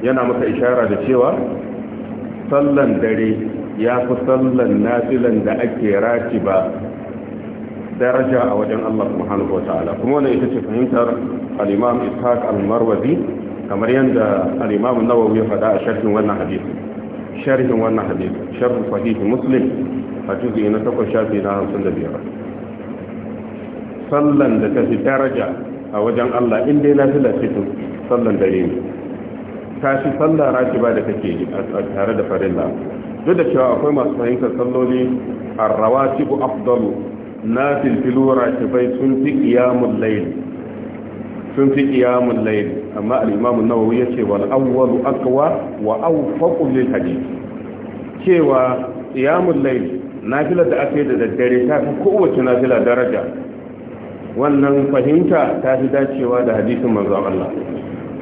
Speaker 1: yana maka ishara da cewa sallar dare ya fi sallar nafilan da ake raci ba daraja a wajen Allah subhanahu wata'ala kuma wannan ita ce fahimtar al-imam ishaq al-marwazi kamar yadda al-imam nawawi ya faɗa a sharhin wannan hadisi sharhin wannan hadisi sharh sahih muslim a juzu'i na 8 shafi na 55 sallan da ta fi daraja a wajen Allah in dai na fila cikin sallan dare ne ta fi sallah rakiba da kake yi a tare da farilla duk da cewa akwai masu fahimtar salloli arrawatibu afdalu na filfilu rakibai sun fi qiyamul layl sun fi qiyamul layl amma al-imam an-nawawi yace wal awwal aqwa wa awfaqu lil hadith cewa qiyamul layl nafilar da aka yi da daddare ta fi kowace nafila daraja wannan fahimta ta fi dacewa da hadisin manzon Allah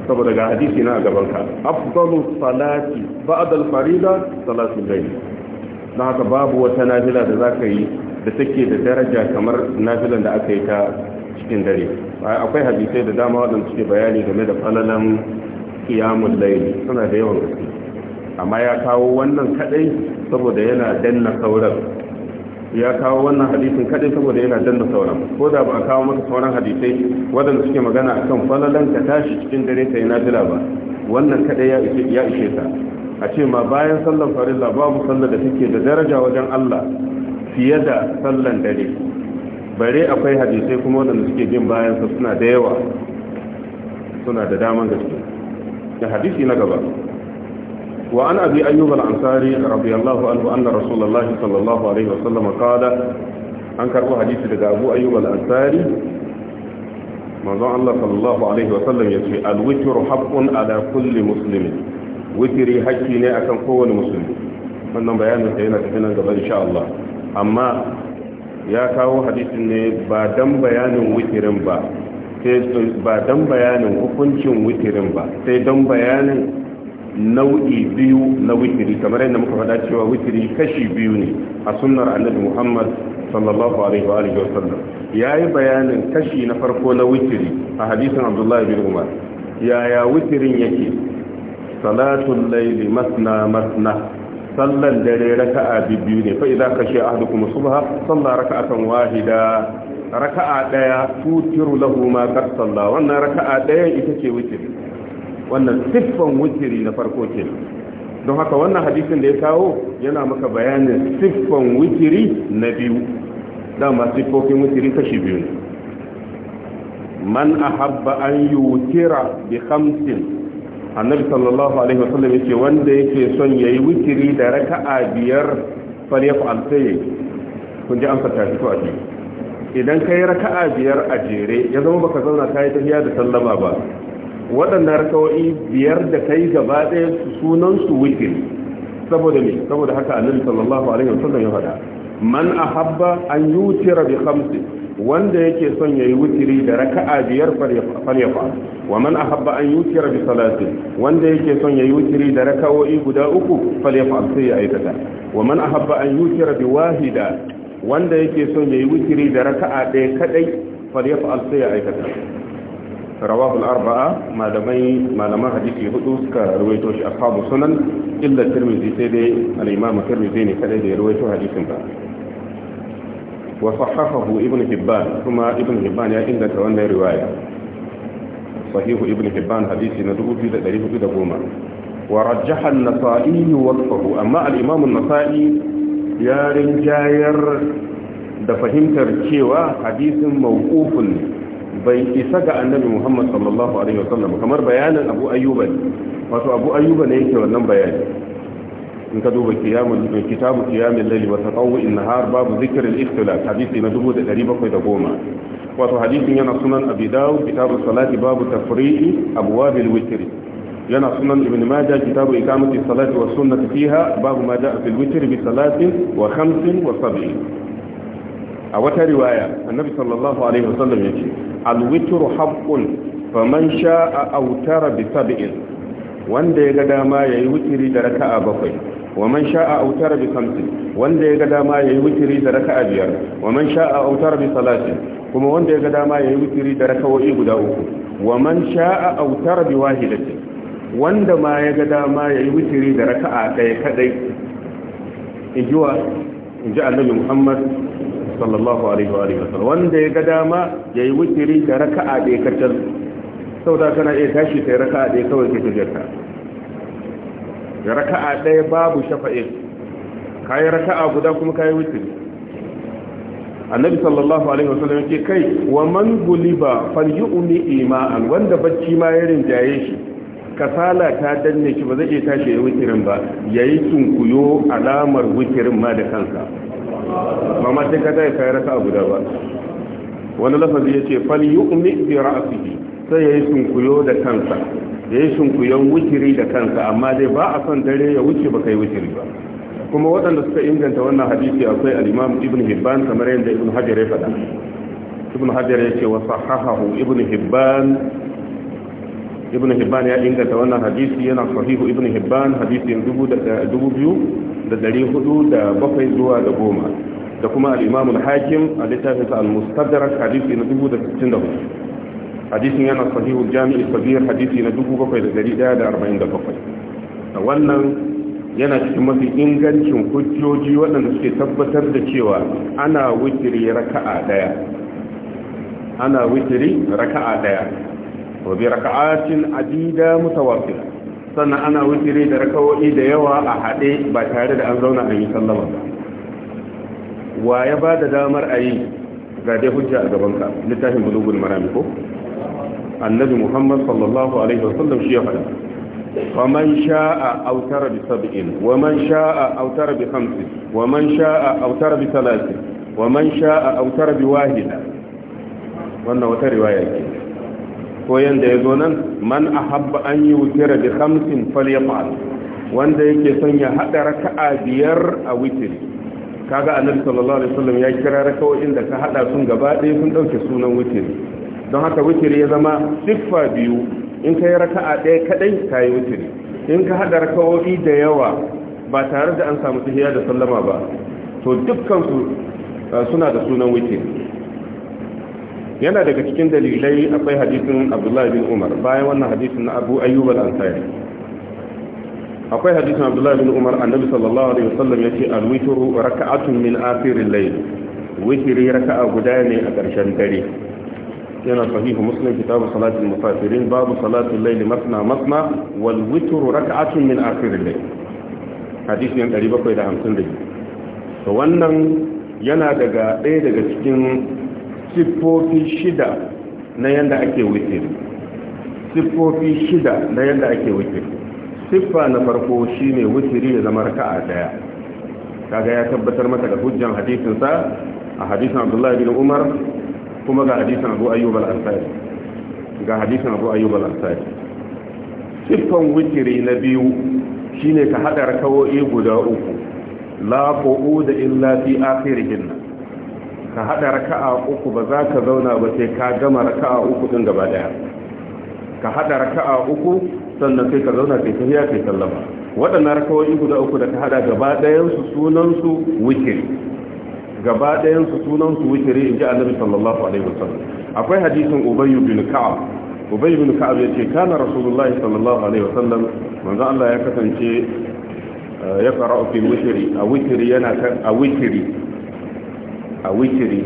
Speaker 1: saboda ga hadisi na gaban ka afdalu salati ba'da al-farida salatu layl dan haka babu wata nafila da zaka yi da take da daraja kamar nafilan da aka yi ta cikin dare akwai hadisai da dama wadanda suke bayani game da falalan kiyamun laili suna da yawan gaske amma ya kawo wannan kadai saboda yana danna sauran ya kawo wannan hadisin kadai saboda yana danna sauran ko da ba a kawo maka sauran hadisai wadanda suke magana akan falalan ka tashi cikin dare na nafila ba wannan kadai ya ishe ya ishe ta a ce ma bayan sallan farilla babu sallar da take da daraja wajen Allah fiye da sallan dare bare akwai hadisai kuma wadanda suke jin bayan su suna da yawa suna da daman gaske da hadisi na gaba wa an abi ayyub al-ansari radiyallahu anhu anna rasulullahi sallallahu alaihi wa wasallam qala an karbo hadisi daga abu ayyub al-ansari manzon Allah sallallahu alaihi wa sallam yace al-witru haqqun ala kulli muslimin witri haqqi ne akan kowane musulmi wannan bayanin da yana tafi nan gaba insha Allah amma ya kawo hadisin ne ba dan bayanin witirin ba sai ba dan bayanin hukuncin witirin ba sai dan bayanin nau'i biyu na witiri kamar yadda muka faɗa cewa witiri kashi biyu ne a sunnar annabi muhammad sallallahu alaihi wa alihi wasallam yayi bayanin kashi na farko na witiri a hadisin abdullahi bin umar yaya witirin yake salatul layli masna masna sallan dare raka'a biyu ne fa idza kashi ahadukum subha salla raka'atan wahida raka'a daya tutiru lahu ma qad salla wannan raka'a daya ita ce witri wannan siffan witri na farko ke don haka wannan hadisin da ya kawo yana maka bayanin siffan witri na biyu dama siffofin witri kashi biyu ne man ahabba an yutira bi khamsin annabi sallallahu alaihi wasallam yake wanda yake son yayi witiri da raka'a biyar falyafal sai kun ji amsa ta fito a ciki idan ka yi raka'a biyar a jere ya zama baka zauna yi tafiya da sallama ba Waɗanda rakawoyi biyar da kai gaba ɗaya sunan su witiri saboda me saboda haka annabi sallallahu alaihi wasallam ya faɗa man ahabba an yutira bi khamsi wanda yake son yi wutiri da raka'a biyar faryafa wa man haɓa an yutira da salati wanda yake son yayi wutiri da raka'o'i guda uku faryafa sai ya aikata wa man ahabba an yutira bi wahida wanda yake son yi wutiri da raka'a ɗaya kadai faryafa sai ya aikata رواه الأربعة مالمي مالما حديث يهدو كرويتوش أصحاب السنن إلا الترمذي ne kadai da ya رويتو hadisin ba. wa sahahahu ibn hibban kuma ibn hibban ya inganta wannan riwaya sahihu ibn hibban hadisi na 2410 wa rajjaha an-nasa'i wasfahu amma al-imam an-nasa'i ya rinjayar da fahimtar cewa hadisin mawqufun ne bai isa ga annabi Muhammad sallallahu kamar bayanin Abu Ayyuba wato Abu Ayyuba ne yake wannan bayani in ka duba kiyamul kitabu kiyamul layli wa tatawwu'in har babu zikr al-ikhtilaf hadisi na 1710 wato hadisin yana sunan abi dawud kitabu salati babu tafriqi abwab al wikiri. yana sunan ibn majah kitabu ikamati salati wa sunnati fiha babu ma a fil wikiri, bi salatin wa khamsin wa sab'in a wata riwaya annabi sallallahu alaihi wasallam yace al-witru haqqun faman sha'a awtara bi sab'in wanda ya ga dama yayi witri da raka'a bakwai wa man sha'a autara bi khamsin wanda ya ga dama yayi wutiri da raka'a biyar wa man sha'a autara bi salatin kuma wanda ya ga dama yayi wutiri da raka'o'i guda uku wa man sha'a autara bi wahidatin wanda ma ya ga dama yayi wutiri da raka'a daya kadai injiwa inji annabi Muhammad sallallahu alaihi wa alihi wasallam wanda ya ga dama yayi wutiri da raka'a ɗaya kadai da kana iya tashi sai raka'a daya kawai ke tafiyarka raka'a ɗaya babu shafa'in kayi raka'a guda kuma kayi witiri annabi sallallahu alaihi wasallam yake kai wa man guliba falyu'mi ima'an wanda bacci ma ya rinjaye shi kasala ta danne shi ba zai iya tashi ya witirin ba yayi tunkuyo alamar witirin ma da kansa ba ma sai ka ya kayi raka'a guda ba wani lafazi yace falyu'mi bi ra'sihi sai yayi tunkuyo da kansa ya yi shunkuyon wukiri da kansa amma dai ba a son dare ya wuce ba kai wukiri ba kuma waɗanda suka inganta wannan hadisi akwai al-imam ibn hibban kamar yadda ibn hajar ya faɗa ibn hajar ya ce wa sahahahu ibn hibban ibn hibban ya inganta wannan hadisi yana sahihu ibn hibban da bakwai zuwa da goma da kuma al-imam al-hakim a littafinsa al-mustadrak hadisi na dubu da hudu. hadisin yana sahihul jami'i sabir hadisi na 7147 wannan yana cikin mafi ingancin hujjoji waɗanda suke tabbatar da cewa ana wutiri raka'a daya ana wutiri raka'a daya wa bi raka'atin adida mutawaffira sannan ana wutiri da raka'o'i da yawa a haɗe ba tare da an zauna an yi sallama ba wa ya ba da damar a yi ga dai hujja a gabanka littafin bulugul marami ko annabi muhammad sallallahu alaihi wasallam shi ya faɗa ومن شاء أوتر بسبع ومن شاء أوتر بخمس ومن شاء أوتر بثلاث ومن شاء أوتر بواحدة wannan wata riwaya ce ko yanda ya zo nan man ahabba an yi wutira bi khamsin falyafal wanda yake son ya hada raka'a biyar a witiri kaga annabi sallallahu alaihi wasallam ya kira raka'o'in da ka haɗa sun gaba ɗaya sun dauke sunan witiri don haka wikiri ya zama siffa biyu in ka yi raka'a ɗaya kaɗai ka yi witiri in ka haɗa raka'o'i da yawa ba tare da an samu tahiya da sallama ba to dukkansu uh, suna da sunan witiri yana daga cikin dalilai akwai hadisin abdullahi bin umar bayan wannan hadisin na abu ayyub al-ansari akwai hadisin abdullahi bin umar annabi sallallahu alaihi wasallam yace al-witru raka'atun min akhiril layl witri raka'a guda ne a ƙarshen dare yana sahihu muslim kitabu salatul musafirin babu salatul layl masna masna wal witru rak'atun min akhir al-layl hadisi ne 752 to wannan yana daga ɗaya daga cikin siffofi shida na yanda ake witr siffofi shida na yanda ake witr siffa na farko shine witri ya zama raka'a daya kaga ya tabbatar mata da hujjan hadisin sa a hadisin Abdullah bin Umar kuma ga hadisan abu ayyub al-ansari ga hadisan abu ayyub al-ansari siffan witiri na biyu shine ka hada rakawoyi guda uku la da illa fi akhirihin ka hada raka'a uku ba za ka zauna ba sai ka gama raka'a uku din gaba daya ka hada raka'a uku sannan sai ka zauna kai tafiya sai sallama waɗannan rakawoyi guda uku da ka hada gaba dayan su sunan su witiri gaba ɗayan su sunan su witiri inji annabi sallallahu alaihi wasallam akwai hadisin ubayy bin ka'ab ubayy bin ka'ab ce kana rasulullahi sallallahu alaihi wasallam manzo Allah ya kasance eh, ya qara'u fi witiri a witiri yana a witiri a witiri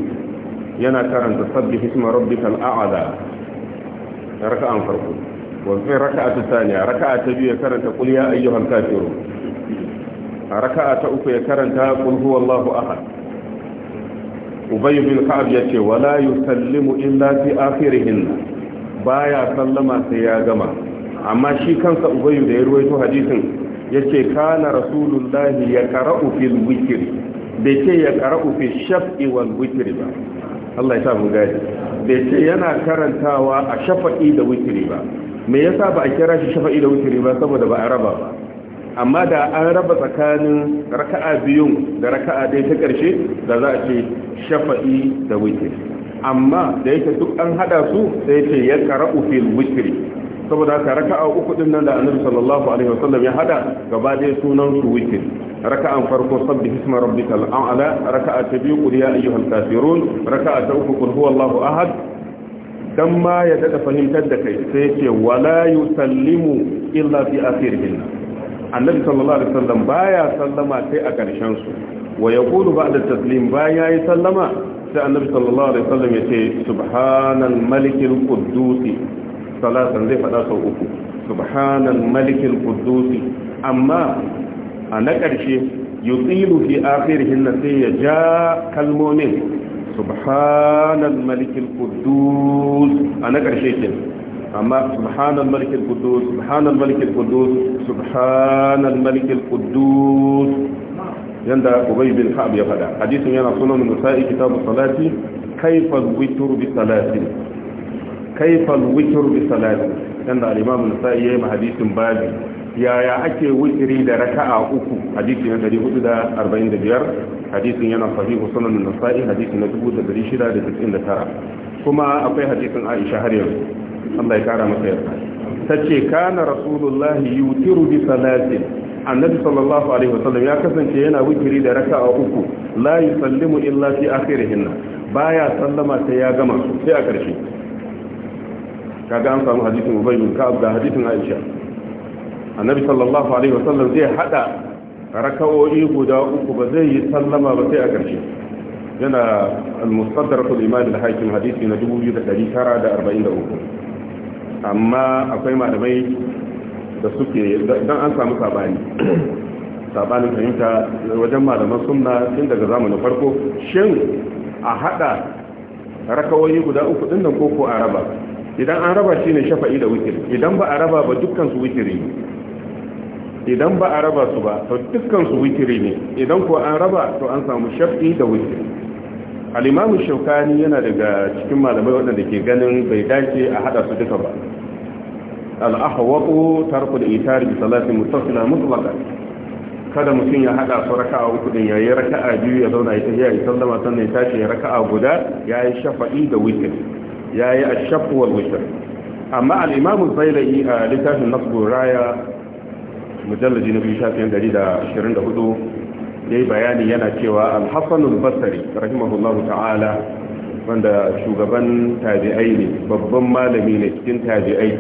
Speaker 1: yana karanta sabbih isma rabbikal a'la raka'an farko wa fi raka'atu thaniya raka'a ta biyu ya karanta qul ya ayyuhal kafirun a raka'a ta uku ya karanta qul huwallahu ahad ubayy bin ka'ab yace wala yusallimu illa fi akhirihin baya sallama sai ya gama amma shi kansa ubayy da ya ruwaito hadisin yace kana rasulullahi ya yaqra'u fil witr bai ce ya qara'u fi shaf'i wal witr ba Allah ya sa mu gani bai ce yana karantawa a shafa'i da witri ba me yasa ba a kira shi shafa'i da witri ba saboda ba a raba ba amma da an raba tsakanin raka'a biyun da raka'a ɗaya ta ƙarshe da za a ce shafa'i da wikir amma da yake duk an hada su sai ce ya qara'u ufil witr saboda haka raka'a uku din nan da Annabi sallallahu alaihi wasallam ya hada gaba ɗaya sunan su witr raka'an farko sabbi hisma rabbikal a'la raka'a ta biyu qul ya ayyuhal kafirun raka'a ta uku qul huwallahu ahad dan ma ya dada fahimtar da kai sai ce wala yusallimu illa fi akhirihin annabi sallallahu alaihi wasallam baya sallama sai a karshen su wa yaqulu ba'da taslim baya yi sallama sai annabi sallallahu alaihi wasallam ya ce subhanal malikil quddus salatan zai fada sau uku subhanal malikin quddus amma a na karshe yutilu fi akhirihin sai ya ja kalmomin subhanal malikil quddus a na karshe kenan amma subhanal malikil qudus subhanal malikil qudus subhanal malikil qudus yanda ubay bin ya faɗa. hadisin yana sunan musa'i kitabu salati kayfa witr bi salati kayfa witr salati ya yi hadisin babi yaya ake witri da raka'a uku hadisin yana 445 hadisin yana sahihu sunan musa'i hadisin na 6699 kuma akwai hadisin aisha har yanzu Allah ya kara masa yarda tace kana rasulullahi yutiru bi salatin annabi sallallahu alaihi wasallam ya kasance yana wikiri da raka'a uku la yusallimu illa fi akhirihin baya sallama sai ya gama sai a karshe kaga an samu hadisin Ubay bin Ka'ab da hadisin Aisha annabi sallallahu alaihi wasallam zai hada raka'o'i guda uku ba zai yi sallama ba sai a karshe yana al-mustadrak al-imam al-hakim hadisi na 2943 amma akwai malamai da suke don an samu sabani sabanin fahimta wajen malaman sunna tun daga zamanin farko shin a hada rakawoyi guda uku din nan koko a raba idan an raba shine shafa'i da wikiri idan ba a raba ba dukkan su wikiri idan ba a raba su ba to dukkan su wikiri ne idan ko an raba to an samu shafa'i da wikiri al'imamu shaukani yana daga cikin malamai waɗanda ke ganin bai dace a haɗa su duka ba al'ahawatu tarku da itari salati mutasila mutlaka kada mutum ya haɗa su raka'a uku din yayi raka'a biyu ya zauna ya tafiya ya sallama sannan ya tashi ya raka'a guda yayi shafa'i da witr yayi ash-shafw wal witr amma al-imam az-zailai a littafin nasbu raya mujalladi na biyu shafin 124 yayi bayani yana cewa al-Hasan al rahimahullahu ta'ala wanda shugaban tabi'ai ne babban malami ne cikin tabi'ai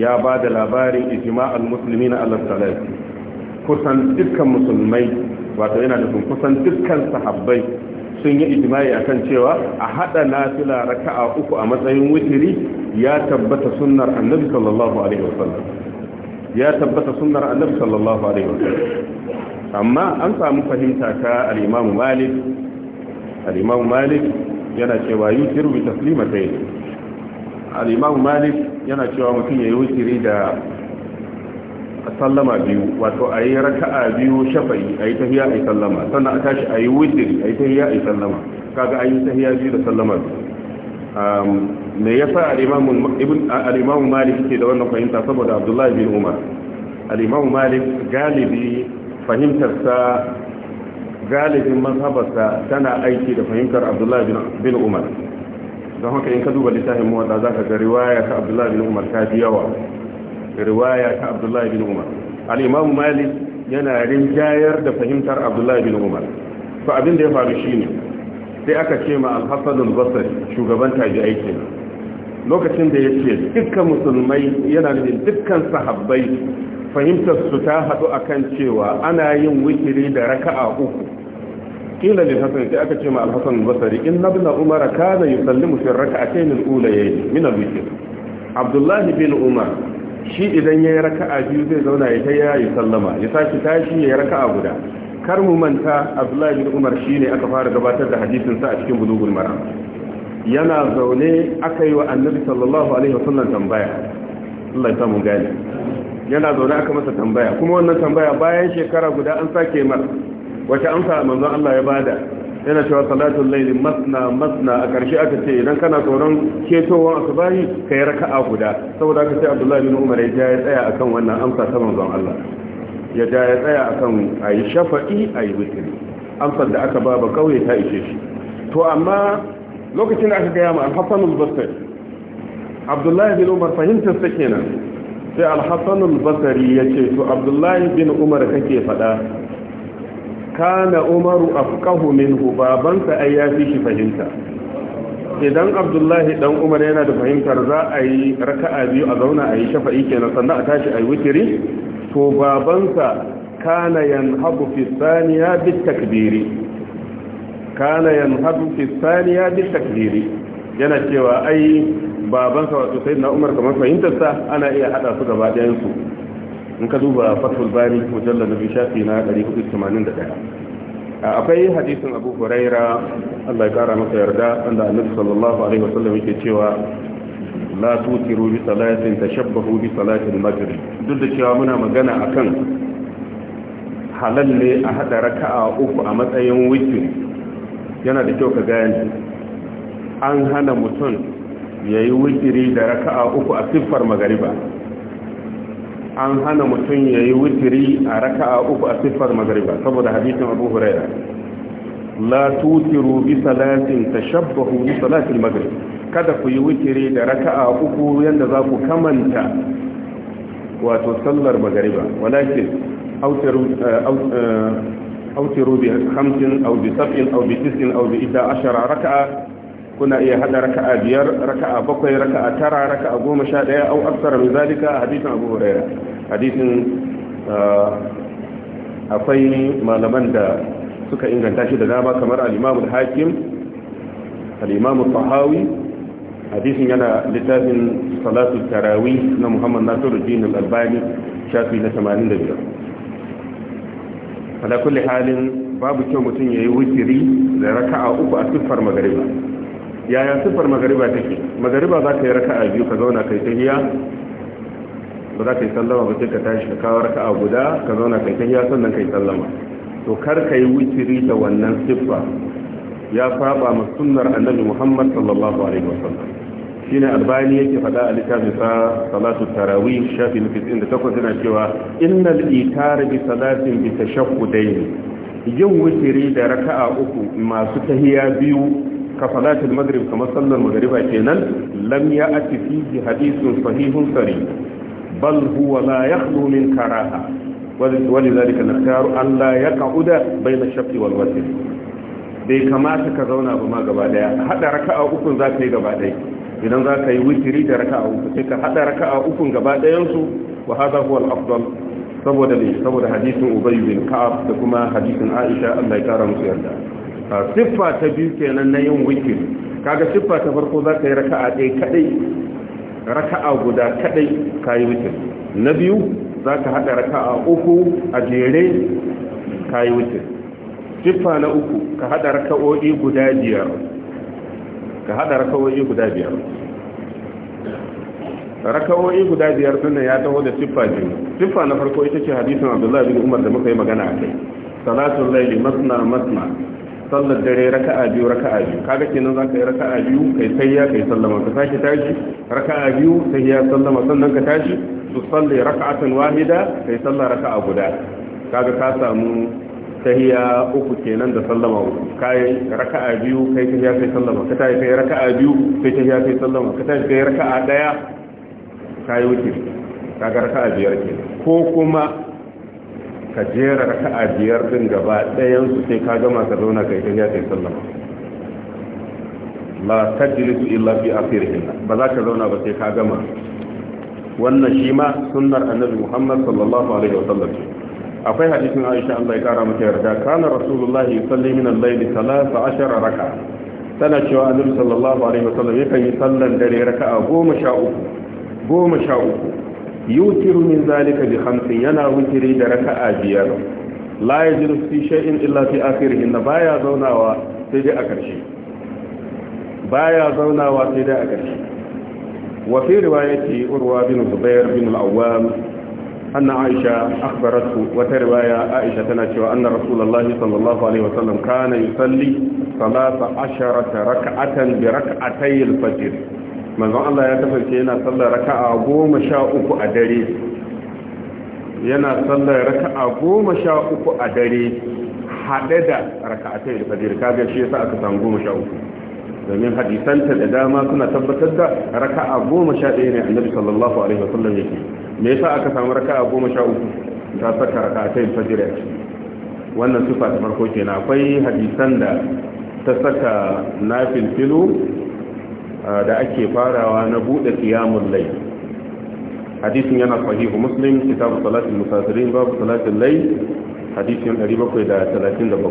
Speaker 1: ya ba da labarin ijma'al muslimin ala salat kusan dukkan musulmai wato yana da kusan dukkan sahabbai sun yi ijimai a kan cewa a haɗa nafila raka'a uku a matsayin witiri ya tabbata sunnar annabi sallallahu alaihi wasallam ya tabbata sunnar annabi sallallahu alaihi wasallam amma an samu fahimta ka al malik al malik yana cewa yusiru bi taslimatayn al Alimamu malik yana cewa mutum yayi wutiri da sallama biyu wato ayi raka'a biyu shafa'i ayi tahiyya ayi sallama sannan a tashi ayi wutiri ayi tahiyya ayi sallama kaga ayi tahiyya biyu da sallama me yasa al Alimamu ibn al malik ke da wannan fahimta saboda abdullahi bin umar al malik galibi fahimtarsa galibin mazhabarsa tana aiki da fahimtar abdullahi bin umar don haka in ka duba littafin muwadda za ka ga riwaya ta abdullahi bin umar ta fi yawa riwaya ta abdullahi bin umar al'imamu malik yana rinjayar da fahimtar abdullahi bin umar to abin da ya faru shi ne sai aka ce ma alhassan basari shugaban taji aiki lokacin da ya ce dukkan musulmai yana da dukkan sahabbai fahimtar su ta haɗu kan cewa ana yin wikiri da raka'a uku kila da hasan sai aka ce ma Alhassan hasan basri in nabna umar ka kana yusallimu fi rak'atayn al-ulayayn min al-witr abdullahi bin umar shi idan ya yayi raka'a biyu zai zauna ya tayya ya sallama ya saki tashi yayi raka'a guda kar mu manta abdullahi bin umar shine aka fara gabatar da hadisin sa a cikin bulugul maram yana zaune aka yi wa annabi sallallahu alaihi wasallam tambaya Allah ya samu gani yana zaune aka masa tambaya kuma wannan tambaya bayan shekara guda an sake mar wata amsa manzon Allah ya bada yana cewa salatul layli masna masna a karshe aka ce idan kana tsoron ketowar asubahi kai raka'a guda saboda aka ce Abdullahi bin Umar ya ya tsaya akan wannan amsa ta manzon Allah ya ja ya tsaya akan ayi shafa'i ayi witri amsar da aka ba ba kauye ta ishe shi to amma lokacin da aka gaya ma al-Hasan al-Basri Abdullahi bin Umar fahimtar sa kenan sai alhassanul basari ya ce to abdullahi bin umar kake faɗa kana umaru afqahu minhu babansa ai ya fi shi fahimta idan abdullahi dan umar yana da fahimtar za a yi raka'a biyu a zauna a yi shafa'i kenan sannan a tashi a yi wutiri, to babansa kana yanhabu fi thaniya bi takbiri kana yanhabu fi thaniya bi takbiri yana cewa ai babansa wato sai na umar kamar fahimtarsa ana iya hada su gaba ɗayansu in ka duba fatul bari mujallar na shafi na 481 akwai hadisin abu huraira allah ya kara masa yarda wanda annabi sallallahu alaihi wasallam yake cewa la tutiru bi salatin tashabbahu bi salatin maghrib duk da cewa muna magana akan halal ne a hada raka'a uku a matsayin witr yana da kyau ka gane an hana mutum ya yi witiri da raka'a uku a siffar magariba an hana mutum ya yi witiri a raka'a uku a siffar magariba saboda hadisin abu huraira la tutiru bi salatin tashabbahu bi salatil maghrib kada ku yi witiri da raka'a uku yanda za ku kamanta wato sallar magariba walakin autiru autiru bi khamsin aw bi sab'in aw bi tis'in aw bi 11 raka'a kuna iya hada raka'a biyar raka'a bakwai raka'a tara raka'a goma sha ɗaya au aksar min zalika a hadisin abu huraira hadisin ah, akwai malaman da suka inganta shi da dama kamar al al hakim al al tahawi hadisin yana littafin salatu tarawi na muhammad nasiruddin al-albani shafi na 85 ala kulli halin babu kyau mutum yayi witiri da raka'a uku a siffar magariba yaya siffar magariba take magariba za ka yi raka'a biyu ka zauna kai tahiya ba za ka yi sallama ba sai ka tashi ka kawo a guda ka zauna kai tahiya sannan kai sallama to kar ka yi wuciri da wannan siffa ya saba ma sunnar annabi Muhammad sallallahu alaihi wasallam shine albani yake fada a littafin sa salatu tarawi shafi na takwas yana cewa innal itar bi salatin bi tashahhudain yin wuciri da raka'a uku masu tahiya biyu ka salatul maghrib kamar sallar magriba kenan lam ya'ti fihi hadithun sahihun sari bal huwa la yakhlu min karaha ولذلك نختار أن لا يقعد بين الشفق والوتر bai kamata ka zauna ba ma gaba daya hada raka'a ukun za ka yi gaba daya idan za ka yi witiri da raka'a uku sai ka hada raka'a ukun gaba dayan su wa hadha huwa al-afdal saboda ne saboda hadisin ubay bin ka'ab da kuma hadisin aisha Allah ya kara musu yarda siffa ta biyu kenan na yin wikir kaga siffa ta farko za ka yi raka'a ɗaya kadai raka'a guda kadai ka yi wikir na biyu za ka haɗa raka'a uku a jere ka yi wikir siffa na uku ka haɗa raka'o'i guda biyar ka haɗa raka'o'i guda biyar raka'o'i guda biyar din ya taho da siffa biyu siffa na farko ita ce hadisin abdullahi bin umar da muka yi magana a kai salatul laili masna masna sallar dare raka'a biyu raka'a biyu kaga kenan za ka yi raka'a biyu kai sayya kai sallama ka tashi tashi raka'a biyu sayya sallama sannan ka tashi su salli raka'atan wahida kai sallar raka'a guda kaga ka samu tahiya uku kenan da sallama uku kai raka'a biyu kai tahiya kai sallama ka tashi kai raka'a biyu kai tahiya kai sallama ka tashi kai raka'a daya kai wuce kaga raka'a biyar kenan ko kuma ka jera raka'a biyar din gaba ɗayan su sai ka gama ka zauna kai tafiya kai sallama la tajlisu illa fi akhirihin ba za ka zauna ba sai ka gama wannan shi ma sunnar annabi Muhammad sallallahu alaihi wa sallam. akwai hadisin Aisha Allah ya kara mata yarda kana rasulullahi yusalli min al-layl 13 raka'a tana cewa annabi sallallahu alaihi wa wasallam yakan yi sallan dare raka'a 13 13 yutiru min zalika bi khamsin yana wutiri da raka'a biyar la yajidu fi shay'in illa fi akhirih inna baya zaunawa sai dai a karshe baya zaunawa sai dai a karshe wa fi riwayati urwa bin zubair bin al-awwam anna aisha akhbaratu wa ta riwaya aisha tana cewa anna rasulullahi sallallahu alaihi wasallam kana yusalli salata asharata raka'atan bi rak'atay al-fajr manzon Allah ya tafarki yana sallar raka'a goma sha uku a dare yana sallar raka'a goma sha uku a dare haɗe da raka'atai da fajir kaga shi yasa aka samu goma sha uku domin hadisanta da dama suna tabbatar da raka'a goma sha ɗaya ne annabi sallallahu alaihi wasallam yake me yasa aka samu raka'a goma sha uku ta saka raka'atai da fajir a ciki wannan sifa ta farko kenan akwai hadisan da ta saka nafil filu da ake farawa na bude qiyamul layl hadisin yana sahihu muslim kitabu salatul musafirin babu salatul layl hadisin 737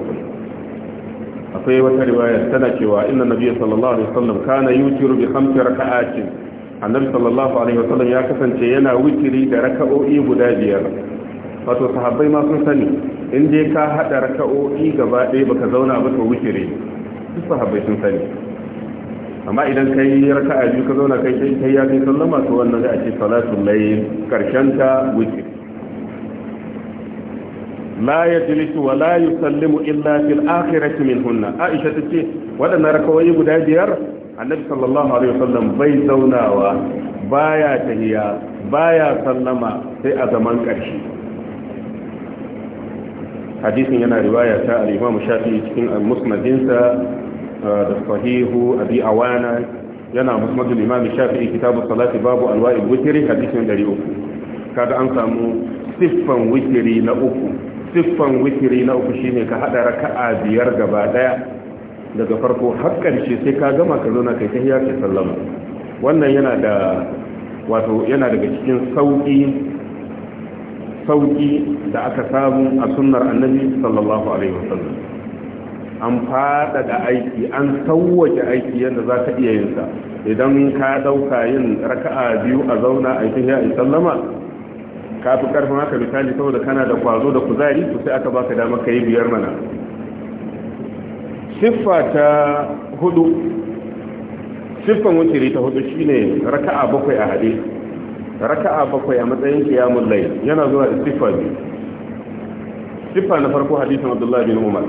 Speaker 2: akwai wata riwaya tana cewa inna nabiyyi sallallahu alaihi wasallam kana yutiru bi khamsi raka'atin
Speaker 1: annabi sallallahu alaihi wasallam ya kasance yana witiri da raka'o'i guda biyar wato sahabbai ma sun sani in dai ka hada raka'o'i gaba ɗaya baka zauna ba to witiri duk sahabbai sun sani amma idan ka yi raka'a biyu ka zauna kai kai ya kai sallama to wannan za a ce salatu layl karshen ta wuce la jilisu wa la sallimu illa fil akhirati hunna aisha ta ce waɗannan rakawai guda biyar annabi sallallahu alaihi wasallam bai zaunawa baya tahiya baya sallama sai a zaman karshe hadisin yana riwaya ta al-imam shafi'i cikin al-musnadinsa da sahihu abi awana yana musnadul imam shafi'i kitabu salati babu anwa'il witri hadisin 300 kaga an samu siffan witri na uku siffan witri na uku shine ka hada raka'a biyar gaba daya daga farko har karshe sai ka gama ka zauna kai tahiyya kai sallama wannan yana da wato yana daga cikin sauki sauki da aka samu a sunnar annabi sallallahu alaihi wasallam an fada da aiki an sauwaje aiki yadda za ka iya yin sa idan ka dauka yin raka'a biyu a zauna a yi a sallama ka fi karfin haka misali saboda kana da kwazo da kuzari to sai aka baka dama ka yi biyar mana siffa ta hudu siffan wutiri ta hudu shine raka'a bakwai a hade raka'a bakwai a matsayin qiyamul layl yana zuwa da siffa biyu siffa na farko hadisin Abdullah bin Umar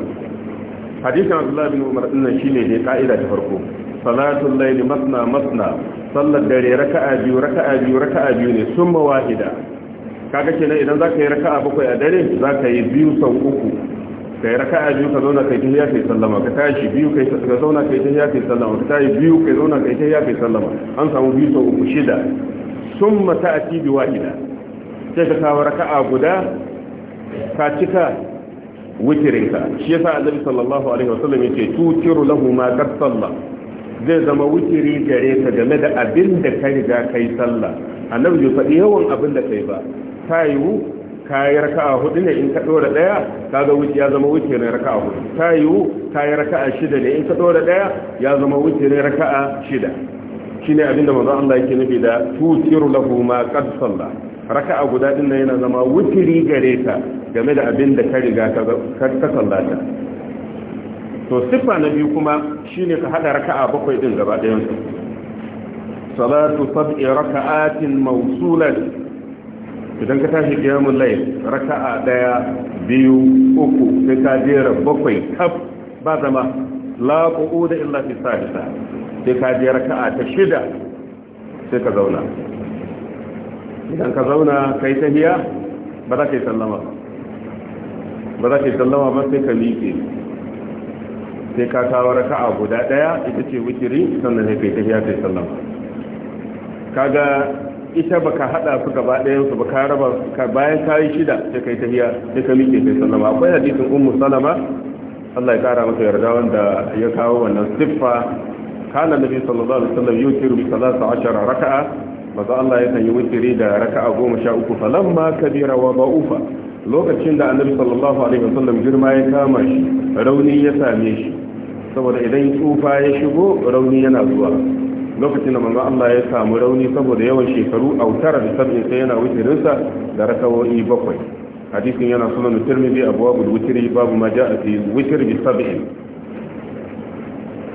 Speaker 1: hadisin abdullahi bin umar dinnan shine dai ka'ida ta farko salatul layli masna masna sallar dare raka'a biyu raka'a biyu raka'a biyu ne summa wahida kaga kenan idan zaka yi raka'a bakwai a dare zaka yi biyu sau uku kai raka'a biyu ka zauna kai tahiyya kai sallama ka tashi biyu kai ka zauna kai tahiyya kai sallama ka tashi biyu kai zauna kai tahiyya kai sallama an samu biyu sau uku shida summa ta'ati bi wahida sai ka kawo raka'a guda ka cika witirinka shi yasa annabi sallallahu alaihi wasallam yake tutiru lahu ma qad salla zai zama witiri gare ka game da abin da ka riga kai sallah annabi ya faɗi yawan abin da kai ba ta yiwu ka yi raka'a hudu ne in ka dora daya kaga wuce ya zama ne raka'a hudu ta yiwu ka yi raka'a shida ne in ka dora daya ya zama ne raka'a shida shine abin da manzo Allah yake nufi da tutiru lahu ma qad salla raka'a guda din nan yana zama wutiri gare ka game da abin da ka riga ka sallata to siffa na biyu kuma shine ka hada raka'a bakwai din gaba ɗayan su salatu sab'i raka'atin mawsulat idan ka tashi qiyamul layl raka'a daya biyu uku sai ka jera bakwai kaf ba zama la qu'uda illa fi salisa sai ka jera raka'a ta shida sai ka zauna idan ka zauna kai ta hiya ba za ka yi sallama ba za ka yi sallama ba sai ka miƙe sai ka kawo raka'a guda ɗaya ita ce wikiri sannan sai kai ta yi sallama kaga ita baka hada su gaba ɗayan su baka raba ka bayan yi shida sai kai hiya sai ka miƙe yi sallama akwai hadisin ummu salama Allah ya kara masa yarda wanda ya kawo wannan siffa kana nabi sallallahu alaihi wasallam yukiru bi 13 raka'a maza Allah ya yi wutiri da raka a goma sha uku ma kabira wa ba'ufa lokacin da annabi sallallahu alaihi wa sallam girma ya kama shi rauni ya same shi saboda idan tsufa ya shigo rauni yana zuwa lokacin da manzo Allah ya samu rauni saboda yawan shekaru autara da sabbin sai yana wutirinsa da rakawoyi bakwai hadisin yana sunan tirmidhi abwabul witri babu ma ja'a fi witr bi sab'in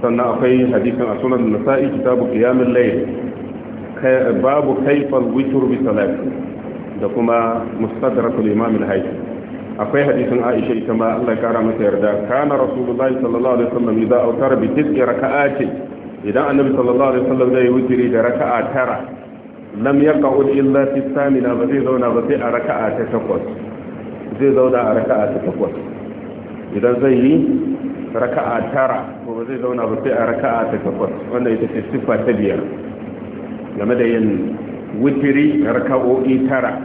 Speaker 1: sannan akwai hadisin a sunan nasa'i kitabu qiyamul layl babu kaifal witr bi salati da kuma mustadrakul imam al-haytham akwai hadisin Aisha ita ma Allah ya kara masa yarda kana rasulullahi sallallahu alaihi wasallam idza awtara bi tis'i raka'ati idan annabi sallallahu alaihi wasallam zai wutiri da raka'a tara lam yaqa'ud illa fi samina ba zai zauna ba sai a raka'a ta takwas zai zauna a raka'a ta takwas idan zai yi raka'a tara ko ba zai zauna ba sai a raka'a ta takwas wanda ita ce siffa ta biyar game da yin wutiri raka'o'i tara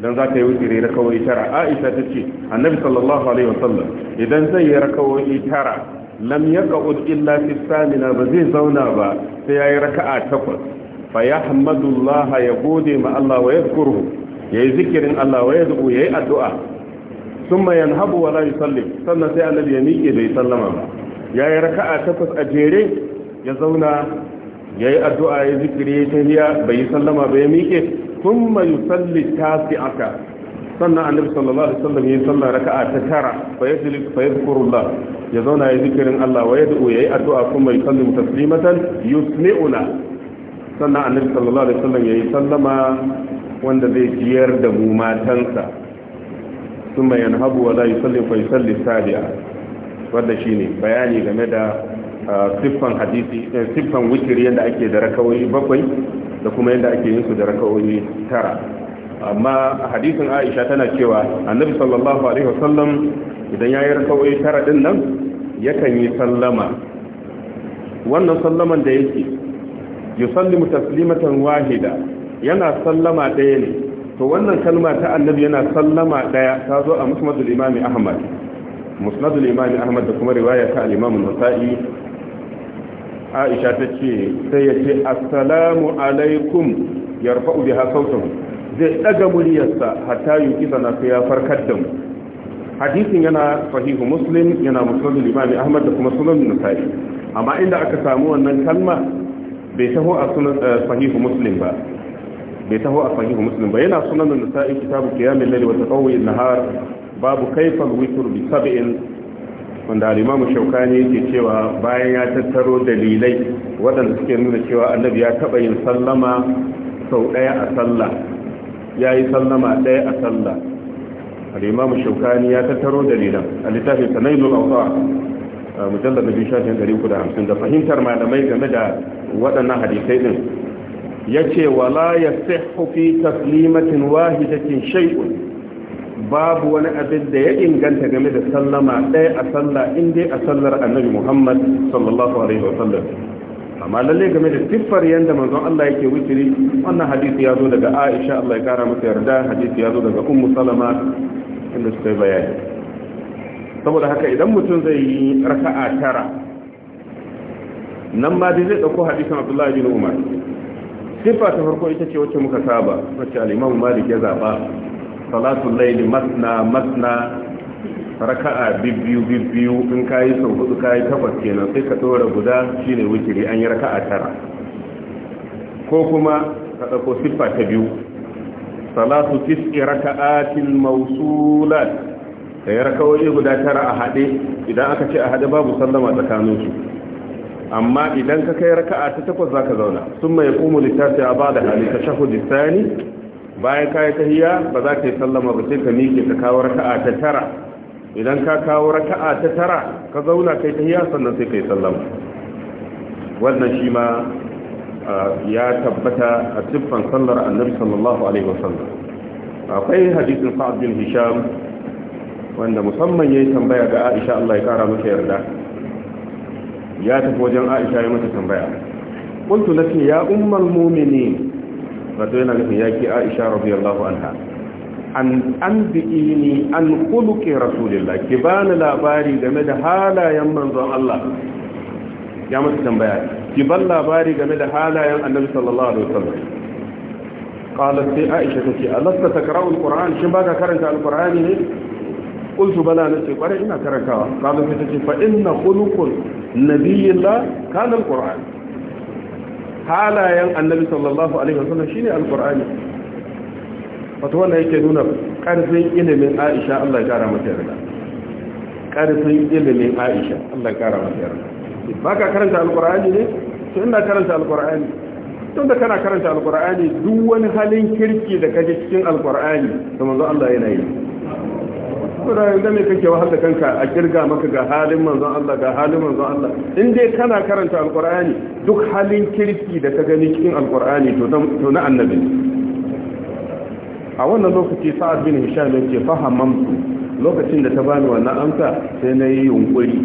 Speaker 1: idan za ka yi wutiri raka'o'i tara aisha ta ce annabi sallallahu alaihi wasallam idan zai yi raka'o'i tara lam yaqud illa fi samina ba zai zauna ba sai yayi raka'a takwas fa yahmadullaha ya gode ma Allah wa yadhkuruhu yayi zikirin Allah wa yad'u yayi addu'a thumma yanhabu wa la yusalli sannan sai annabi ya miƙe bai sallama ba yayi raka'a takwas a jere ya zauna yayi addu'a ya zikiri ya tahiya bai yi sallama bai miƙe thumma yusalli tasi'ata sannan annabi sallallahu alaihi wasallam ya salla a ta tara fa yajlis fa ya zauna ya zikirin Allah wa ya yi addu'a kuma yusallimu taslimatan yusneuna sannan annabi sallallahu alaihi wasallam yi sallama wanda zai jiyar da mu matansa thumma habu wa yi yusalli fa yusalli sabi'a shi shine bayani game da siffan hadisi eh, siffan witiri yadda ake da rakawoyi bakwai da kuma yadda ake yin su da rakawoyi tara amma hadisin aisha tana cewa annabi sallallahu alaihi wasallam idan yayi rakawoyi tara din nan yakan yi sallama wannan sallaman da yake yusallimu taslimatan wahida yana sallama daya ne to wannan kalma ta annabi yana sallama daya ta zo a musnadul imami ahmad musnadul imami ahmad da kuma riwaya ta al-imam an-nasa'i aisha ta ce sai ya ce assalamu alaikum ya ubi ha sautin zai daga muryarsa hatta yi kisa na sai ya farkar da mu hadisin yana fahimu muslim yana musulun limami ahmad da kuma sunan nasa'i amma inda aka samu wannan kalma bai taho a sunan fahimu eh, muslim ba bai taho a sahihu muslim ba yana sunan nasa'i kitabu qiyamul layli wa taqawwi an-nahar babu kayfa al-witr bi sab'in wanda alimamu shaukani yake cewa bayan ya tattaro dalilai waɗanda suke nuna cewa annabi ya taɓa yin sallama sau ɗaya a sallah ya yi sallama ɗaya a sallah alimamu shaukani ya tattaro dalilan a littafin sanailul auta mujallar da bishafin 350 da fahimtar malamai game da waɗannan hadisai ɗin ya ce wala ya fi taslimatin wahidatin shay'un babu wani abin da ya inganta game da sallama ɗaya a sallah in dai a sallar annabi muhammad sallallahu alaihi wa sallam amma lalle game da siffar yadda manzon Allah yake witiri wannan hadisi ya zo daga Aisha Allah ya kara mata yarda hadisi ya zo daga Ummu Salama inda suka bayani saboda haka idan mutum zai yi raka'a tara nan ma dai zai dauko hadisin abdullahi bin Umar siffa ta farko ita ce wacce muka saba wacce al-Imam Malik ya zaba salatu laili masna masna raka'a biyu biyu in kayi sau hudu kayi takwas kenan sai ka tsora guda shine witiri an yi raka'a tara ko kuma ka dauko siffa ta biyu salatu tis'i raka'atin mawsulat kai waje guda tara a hade idan aka ce a hade babu sallama tsakanin su amma idan ka kai raka'a ta takwas zaka zauna summa littafi litasi ba da hali tashahhud thani bayan ka yi tahiyya ba za ka yi sallama ba sai ka miƙe ka kawo raka'a ta tara idan ka kawo raka'a ta tara ka zauna kai tahiyya sannan sai ka yi sallama wannan shi ma ya tabbata a siffan sallar annabi sallallahu alaihi wasallam akwai hadisin sa'ad bin hisham wanda musamman yayi tambaya ga Aisha Allah ya kara masa yarda ya tafi wajen Aisha ya mata tambaya qultu laki ya ummal mu'minin wato yana nufin yaki aisha radiyallahu anha an anbi'ini an khuluqi rasulillah ki bani labari game da halayen manzon Allah ya mata tambaya ki ban labari game da halayen annabi sallallahu alaihi wasallam qalat sai aisha tace alasta takra'u alquran shin baka karanta alqurani ne qultu bala nace kware ina karantawa qalat sai tace fa inna khuluqul nabiyillah kana alquran halayen annabi sallallahu alaihi wasallam shine alqur'ani wato wannan yake nuna karfin ilimin Aisha Allah ya kara mata yarda karfin ilimin Aisha Allah ya kara mata yarda baka karanta alqur'ani ne to ina karanta alqur'ani to da kana karanta alqur'ani duk wani halin kirki da kaje cikin alqur'ani to manzo Allah yana yi da yanzu me kake wahal kanka a kirga maka ga halin manzon Allah ga halin manzon Allah in dai kana karanta alqur'ani duk halin kirki da ka gani cikin alqur'ani to to na annabi a wannan lokaci sa'ad bin hisham yake fahamamtu lokacin da ta bani wannan amsa sai na yi yunkuri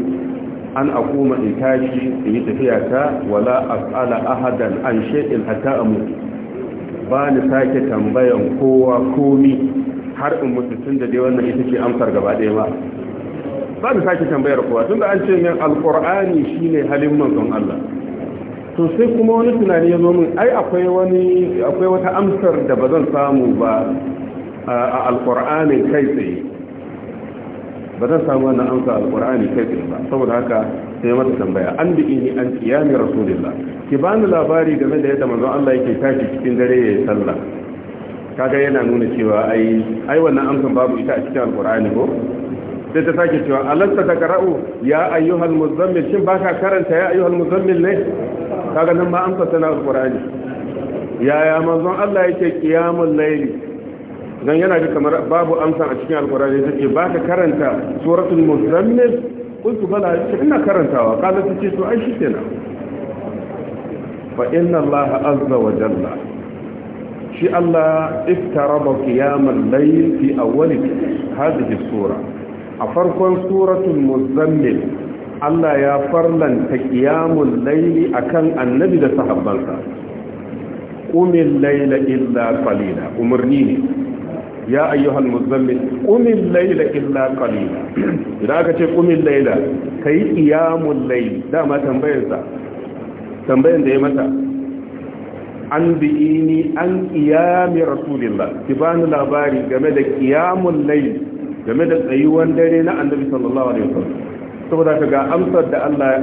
Speaker 1: an akuma in tashi in yi tafiya ta wala as'ala ahadan an shay'in hatta amut ba ni sake tambayan kowa komi har in mutu tun da dai wannan ita ce amsar gaba ɗaya ba ba da sake tambayar kowa tun da an ce min alƙur'ani shine halin manzon Allah to sai kuma wani tunani ya zo min ai akwai wani akwai wata amsar da ba zan samu ba a alƙur'anin kai tsaye ba zan samu wannan amsa alƙur'ani kai tsaye ba saboda haka sai mata tambaya an bi bi'ini an qiyami rasulillah ki bani labari game da yadda manzon Allah yake tashi cikin dare yi sallah kaga yana nuna cewa ai ai wannan amsan babu ita a cikin alqur'ani ko sai ta sake cewa alasta ta ya ayyuhal muzammil shin baka karanta ya ayyuhal muzammil ne kaga nan ma amsa tana alqur'ani yaya manzon Allah yake qiyamul layli dan yana da kamar babu amsa a cikin alqur'ani yake baka karanta suratul muzammil kuntu bala ina karantawa kala tace to ai kenan fa inna allaha azza wa jalla shi Allah iftaraba qiyamal layl fi awwal hadhihi sura a farkon suratul muzammil Allah ya farlanta qiyamul a kan annabi da sahabbansa qumil laila illa qalila umarni ne ya ayyuhan muzammil qumil laila illa qalila idan aka ce laila, ka yi qiyamul layl dama tambayarsa tambayar da ya mata an ni, an qiyami rasulillah ki bani labari game da qiyamul layl game da tsayuwan dare na annabi sallallahu alaihi wasallam saboda ka ga amsar da Allah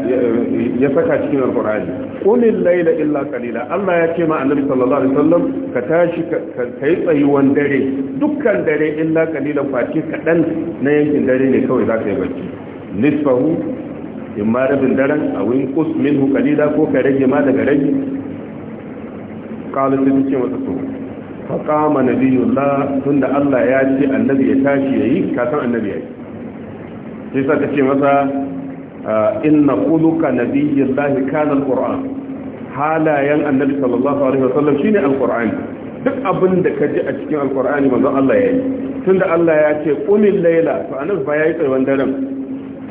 Speaker 1: ya saka cikin alqur'ani qulil laila illa qalila Allah ya ce ma annabi sallallahu alaihi wasallam ka tashi ka kai tsayuwan dare dukkan dare illa qalilan fati kadan na yankin dare ne kawai zaka yi barci. nisfahu in ma rabin daren a wani kus minhu kalila ko ka rage ma daga rage قال تنكي وتسو فقام نبي الله تند الله ياتي النبي يتاشي يي كاتم النبي يي سيسا تكي مسا إن خلق نبي الله كان القرآن حالا ين النبي صلى الله عليه وسلم شيني القرآن duk abin da ka ji a cikin alkur'ani manzo Allah ya yi tunda Allah ya ce qumil Laila to anas ba yayi tsayuwan daren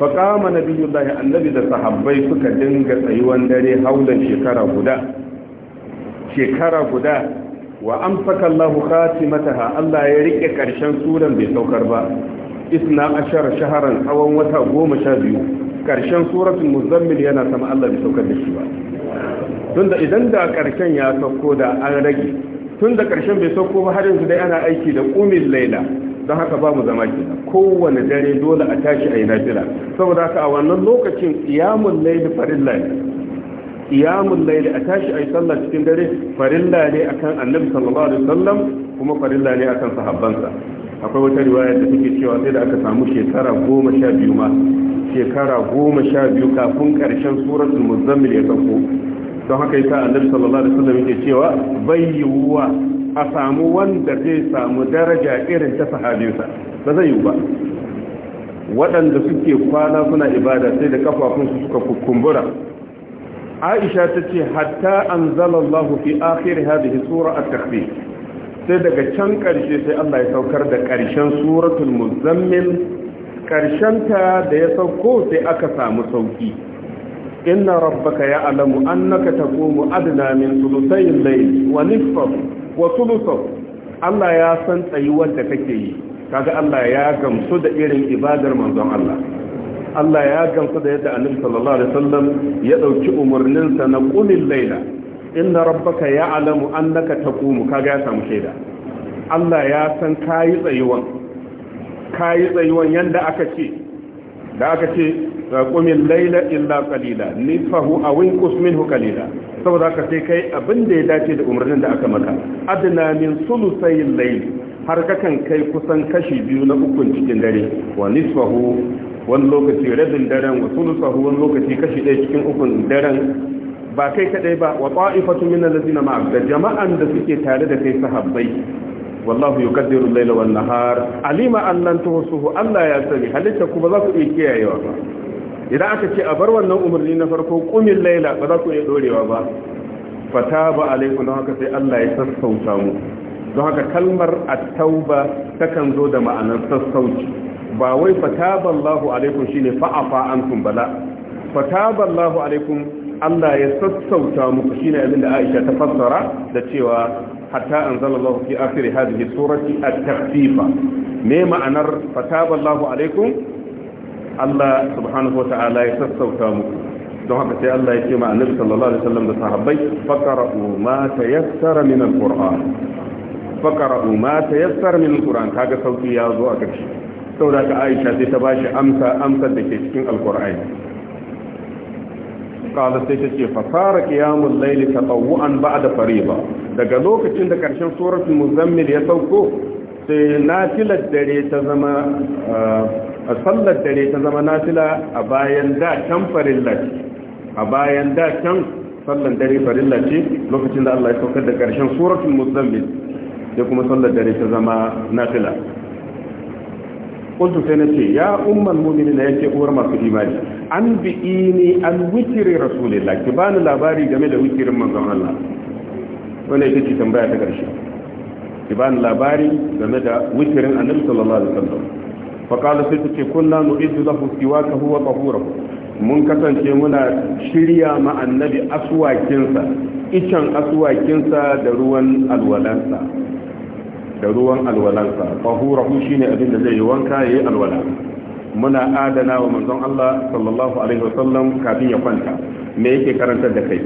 Speaker 1: na biyu nabiyullahi annabi da sahabbai suka dinga tsayuwan dare haulan shekara guda shekara guda wa amsaka Allahu khatimataha Allah ya rike karshen suran bai saukar ba isna ashara shaharan tsawon wata goma sha biyu Ƙarshen suratul muzammil yana sama Allah bai saukar da shi ba tunda idan da karshen ya sauko da an rage tunda ƙarshen bai sauko ba har yanzu dai ana aiki da ƙumin laila don haka ba mu zama kina kowane dare dole a tashi a yi nafila saboda haka a wannan lokacin iyamun laili farin ne qiyamul layl a tashi ayi sallah cikin dare farilla ne akan annabi sallallahu alaihi wasallam kuma farilla ne akan sahabbansa akwai wata riwaya da take cewa sai da aka samu shekara goma sha biyu ma shekara goma sha biyu kafin karshen suratul muzammil ya sauko don haka yasa annabi sallallahu alaihi wasallam yake cewa bai yiwuwa a samu wanda zai samu daraja irin ta sahabinsa ba zai yiwu ba waɗanda suke kwana suna ibada sai da su suka kukumbura aisha ta ce hatta an zalallahu fi akhiri hadhihi sura at-takbir sai daga can karshe sai Allah ya saukar da karshen suratul muzammil ta da ya sauko sai aka samu sauki inna rabbaka ya'lamu annaka taqumu adna min thuluthay al-layl wa nisfahu wa thuluthahu Allah ya san tsayuwar da kake yi kaga Allah ya gamsu da irin ibadar manzon Allah Allah ya gamsu da yadda annabi sallallahu alaihi wasallam ya dauki umarnin sa na qulil laila inna rabbaka ya'lamu annaka taqumu kaga ya samu shaida Allah ya san kai tsayuwan kai tsayuwan yanda aka ce da aka ce qumil laila illa qalila nifahu aw inqus minhu qalila saboda aka sai kai abin da ya dace da umarnin da aka maka adna min sulusayil layl har kakan kai kusan kashi biyu na ukun cikin dare wa nisfahu wani lokaci rabin daren wa sulusahu wani lokaci kashi ɗaya cikin ukun daren ba kai kaɗai ba wa ta'ifatu min allazina ma'ak da jama'an da suke tare da kai sahabbai wallahu yukaddiru al-laila wan nahar alima an lan tuhsuhu Allah ya sani halitta ku ba za ku iya kiyayewa ba idan aka ce a bar wannan umarni na farko kumin laila ba za ku iya dorewa ba fataba alaikum don haka sai Allah ya sassauta mu don haka kalmar at-tauba takan zo da ma'anar sassauci ba wai fataballahu alaikum shine fa'afa ankum bala fataballahu alaikum Allah ya sassauta muku shine abin da Aisha ta fassara da cewa hatta an anzalallahu fi akhir hadhihi surati a taktifa. me ma'anar fataballahu alaikum Allah subhanahu wa ta'ala ya sassauta muku don haka sai Allah ya ce ma annabi sallallahu alaihi wasallam da sahabbai faqra'u ma tayassara min al-qur'an faqra'u ma tayassara min al-qur'an kaga sauki ya zo a gashi saboda ka aisha sai ta bashi amsa amsar da ke cikin alkur'ani kala sai ta ce fasara qiyamul layli da ba'da fariba daga lokacin da karshen suratul muzammil ya sauko sai nafilar dare ta zama a sallar dare ta zama nafila a bayan da can farilla ce a bayan da can sallar dare farilla ce lokacin da Allah ya saukar da karshen suratul muzammil sai kuma sallar dare ta zama nafila kuntu sai na ce ya umman mumini na yake uwar masu imani an bi'i ni an wikiri rasulillah ki labari game da wikirin manzon Allah wanda ita ce tambaya ta ƙarshe ki bani labari game da wikirin annabi sallallahu alaihi wasallam fa qala mun kasance muna shirya ma annabi aswakinsa icen aswakinsa da ruwan alwalansa da ruwan alwalansa tahurahu shine abin da zai yi wanka ya yi alwala muna adana wa manzon Allah sallallahu alaihi wasallam kafin ya kwanta me yake karantar da kai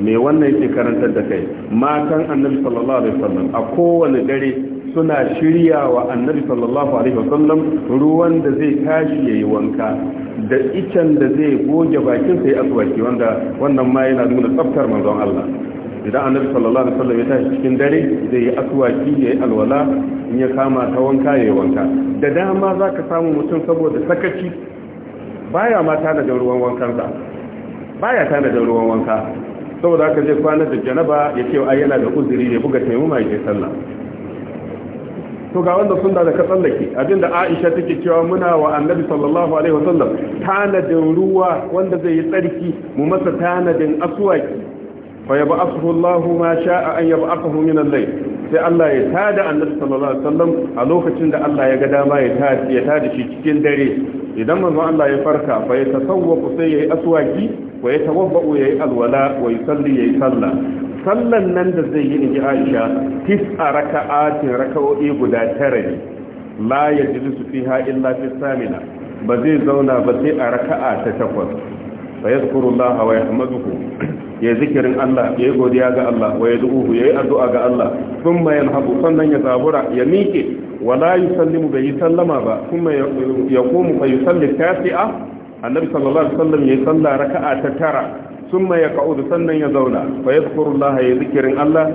Speaker 1: me wannan yake karantar da kai matan annabi sallallahu alaihi wasallam a kowane dare suna shirya wa annabi sallallahu alaihi wasallam ruwan da zai tashi yayi wanka da icen da zai goge bakin sai aswaki wanda wannan ma yana nuna tsaftar manzon Allah idan annabi sallallahu alaihi wasallam ya tashi cikin dare zai yi aswaki yayi alwala in ya kama ta wanka yayi wanka da dama za ka samu mutum saboda sakaci baya ma tana da ruwan wankansa baya tana da ruwan wanka saboda haka zai kwana da janaba ya ce ai yana da uzuri ya buga taimama ya sallah to ga wanda sun da ka tsallake abinda Aisha take cewa muna wa Annabi sallallahu alaihi wasallam tanadin ruwa wanda zai yi tsarki mu masa tanadin aswaki fa yab'athu Allahu ma sha'a an yab'athu min al sai Allah ya tada annabi sallallahu alaihi wasallam a lokacin da Allah ya ga dama ya ta ya tada shi cikin dare idan manzo Allah ya farka fa ya tasawwaqu sai yayi aswaki wa ya tawabbu yayi alwala wa yusalli yayi sallah sallan nan da zai yi ni ji Aisha a raka'atin raka'o'i guda tara ne la yajlisu fiha illa fi samina ba zai zauna ba sai a raka'a ta takwas fa yadhkurullaha wa yahmaduhu ya zikirin Allah ya yi godiya ga Allah wa ya du'uhu ya yi addu'a ga Allah sun mai haɓu sannan ya zabura ya miƙe wala yi sallimu bai yi sallama ba kuma ya komu fa yi salli tafi'a annabi sallallahu alaihi wasallam ya yi sallah raka'a ta tara sun ya ka'udu sannan ya zauna fa ya zukuru Allah ya zikirin Allah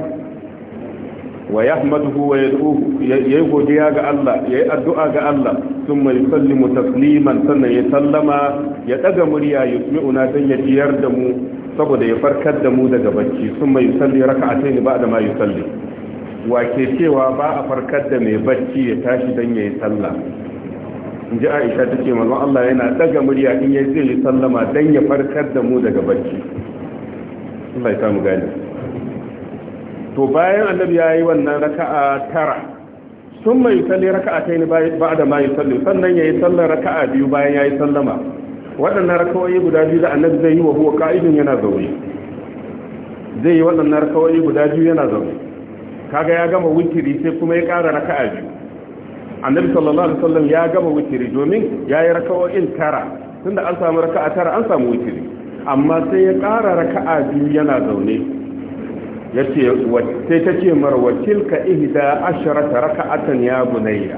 Speaker 1: wa ya hamadu wa ya du'uhu ya yi godiya ga Allah ya yi addu'a ga Allah sun mai sallimu tasliman sannan ya sallama ya ɗaga murya ya smi'una don ya ciyar da mu saboda ya farkar da mu daga bacci sun mai yusalli ba da ma yusalli ke cewa ba a farkar da mai bacci ya tashi dan yi salla in ji aisha ta ce mazan Allah yana daga murya in ya zai yi sallama dan ya farkar da mu daga bacci Allah ya samu gani to bayan annabi ya yi wannan raka'a tara sun mai yusalli raka'a ta yi ba da ma yusalli sannan ya yi sallar raka'a biyu bayan ya yi sallama waɗannan rakawai guda biyu da annabi zai yi wa huwa ka'idun yana zaune zai yi waɗannan rakawai guda biyu yana zaune kaga ya gama witiri sai kuma ya ƙara raka'a biyu annabi sallallahu alaihi wasallam ya gama witiri domin ya yi rakawoyin tara tunda an samu raka'a tara an samu witiri amma sai ya ƙara raka'a biyu yana zaune yace sai ta ce marwacil ka ihda asharata raka'atan ya bunayya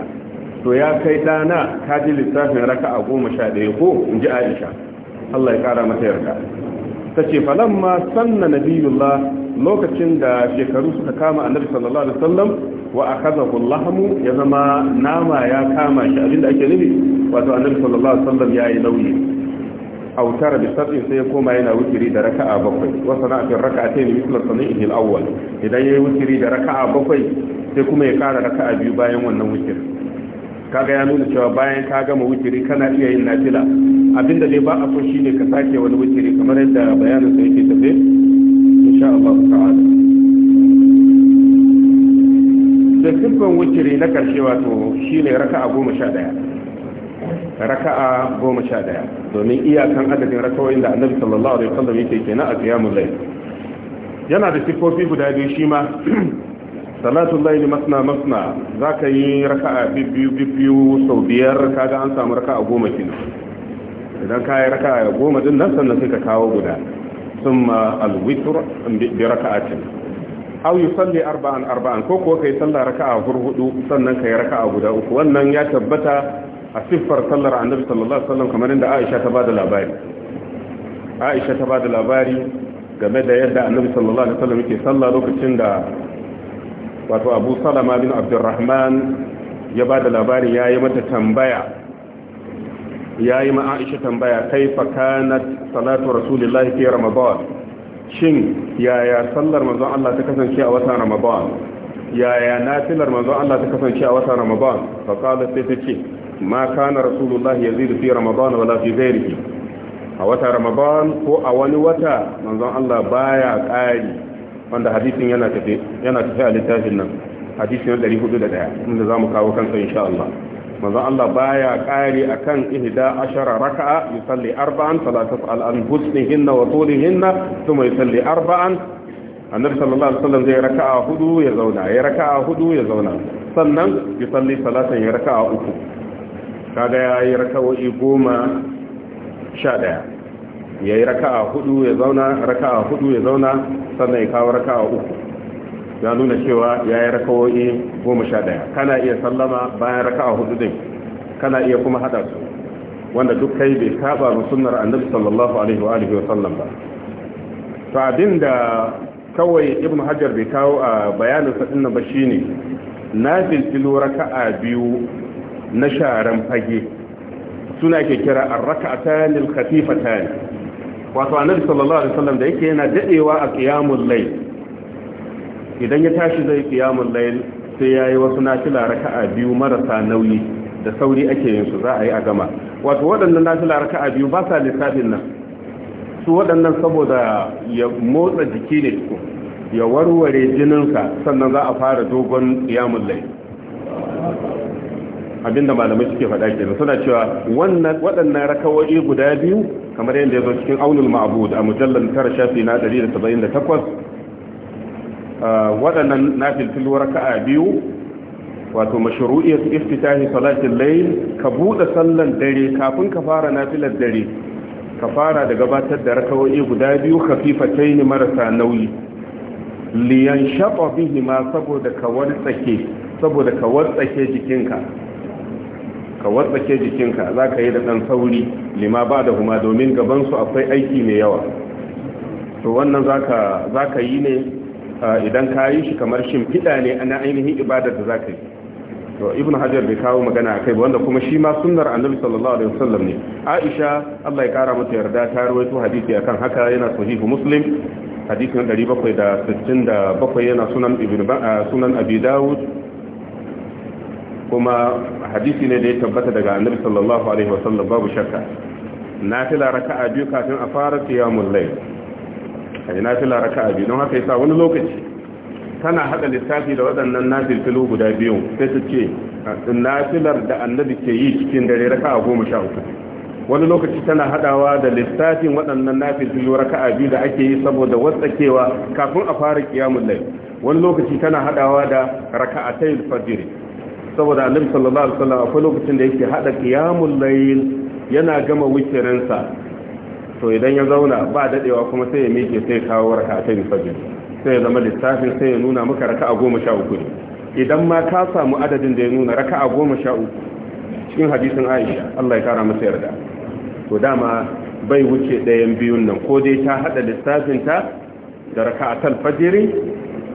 Speaker 1: to ya kai dana ka ji lissafin raka a goma sha ɗaya ko in ji aisha
Speaker 2: Allah ya kara mata yarda
Speaker 1: ta ce falamma sanna nabiyullah lokacin da shekaru suka kama annabi sallallahu alaihi wasallam wa akhadahu allahmu ya zama nama ya kama shi abinda ake nufi wato annabi sallallahu alaihi wasallam yayi nauyi autar bi sab'in sai ya koma yana wukiri da raka'a bakwai wa sana'a fi raka'atayn mithla sana'ihi idan yayi wukiri da raka'a bakwai sai kuma ya kara raka'a biyu bayan wannan wutirin kaga ya nuna cewa bayan ka gama witiri kana iya yin nafila abinda dai ba a so shine ka sake wani witiri kamar yadda bayanin sa yake tafe insha Allah ta'ala da sirfin witiri na karshe wato shine raka'a goma sha daya raka'a goma sha daya domin iyakan adadin raka'o'in da annabi sallallahu alaihi wasallam yake kenan a qiyamul layl yana da sifofi guda biyu shi ma salatu laili masna masna za ka yi raka'a biyu biyu sau biyar kaga an samu raka'a goma kenan idan ka yi raka'a goma din nan sannan sai ka kawo guda ثم الوتر بركعتين aw yusalli arba'an arba'an ko kuwa kai sallah raka'a hudu sannan kai raka'a guda uku wannan ya tabbata a siffar sallar annabi sallallahu alaihi wasallam kamar inda Aisha ta bada labari Aisha ta bada labari game da yadda annabi sallallahu alaihi wasallam yake sallah lokacin da wato abu salama bin abdurrahman ya ba da labarin ya yi mata tambaya ya yi ma'aisha tambaya kai fakanat salatu rasulullahi fi ramadan shin yaya sallar manzon Allah ta kasance a watan ramadan yaya nafilar manzon Allah ta kasance a watan ramadan fa qala sai ta ce ma kana rasulullahi yazidu fi ramadan wala fi ghairihi a watan ramadan ko a wani wata manzon Allah baya ƙari wanda hadisin yana tafe yana tafe a littafin nan hadisi na 401 inda zamu kawo kansa insha Allah manzo Allah baya kare akan ihda ashara raka'a yusalli arba'an fala tas'al an husnihinna wa tulihinna thumma yusalli arba'an annabi sallallahu alaihi wasallam zai raka'a hudu ya zauna ya raka'a hudu ya zauna sannan yusalli salatan ya raka'a uku kaga yayi raka'o'i goma sha daya ya yi raka'a hudu ya zauna raka'a hudu ya zauna sannan ya kawo raka'a uku ya nuna cewa ya yi raka'o'i goma sha ɗaya kana iya sallama bayan raka'a hudu din kana iya kuma haɗa su wanda duk kai bai saba da sunnar annabi sallallahu alaihi wa alihi wa sallam ba to abin da kawai ibnu hajar bai kawo a bayanin sa dinnan ba shine na filfilo raka'a biyu na sharan fage suna ke kira ar-raka'atan al-khafifatan wato annabi sallallahu alaihi wasallam da yake yana dadewa a qiyamul layl idan ya tashi zai qiyamul layl sai yayi wasu nafila raka'a biyu marasa nauyi da sauri ake yin su za a yi a gama wato waɗannan nafila raka'a biyu ba sa lissafin nan su waɗannan saboda ya motsa jiki ne ya warware jininsa sannan za a fara dogon qiyamul layl abinda malamai suke faɗa kenan suna cewa wannan waɗannan rakawoyi guda biyu kamar yadda ya zo cikin aunul ma'bud a mujallar tara shafi na 178 waɗannan nafilfil raka'a biyu wato mashru'iyyat iftitahi salatil layl ka buɗe sallan dare kafin ka fara nafilar dare ka fara da gabatar da rakawoyi guda biyu khafifatayn marasa nauyi liyan shafa bihi ma saboda ka wartsake saboda ka wartsake jikinka ka watsake jikinka za ka yi da ɗan sauri lima ba da huma domin gabansu akwai aiki mai yawa to wannan za ka yi ne idan ka yi shi kamar shimfiɗa ne ana ainihin ibadar da za ka yi to ibn hajar bai kawo magana a kai wanda kuma shi ma sunnar annabi sallallahu alaihi wasallam ne aisha Allah ya kara mata yarda ta rawaito hadisi akan haka yana sahihu muslim na 767 yana sunan ibn sunan abi dawud kuma hadisi ne da ya tabbata daga annabi sallallahu alaihi wasallam babu shakka nafila raka'a biyu kafin a fara qiyamul layl kai nafila raka'a biyu don haka yasa wani lokaci tana hada lissafi da waɗannan filu guda biyu sai ta ce nafilar da annabi ke yi cikin dare raka'a uku wani lokaci tana hadawa da lissafin waɗannan filu raka'a biyu da ake yi saboda watsakewa kafin a fara qiyamul layl wani lokaci tana hadawa da raka'atayn fajr saboda annabi sallallahu alaihi wasallam akwai lokacin da yake hada qiyamul layl yana gama sa to idan ya zauna ba dadewa kuma sai ya miƙe sai kawo raka fajr sai ya zama lissafin sai ya nuna maka raka'a goma sha uku ne idan ma ka samu adadin da ya nuna raka'a goma sha uku cikin hadisin aisha Allah ya kara masa yarda to dama bai wuce ɗayan biyun nan ko dai ta hada lissafin ta da raka'atul tal fajr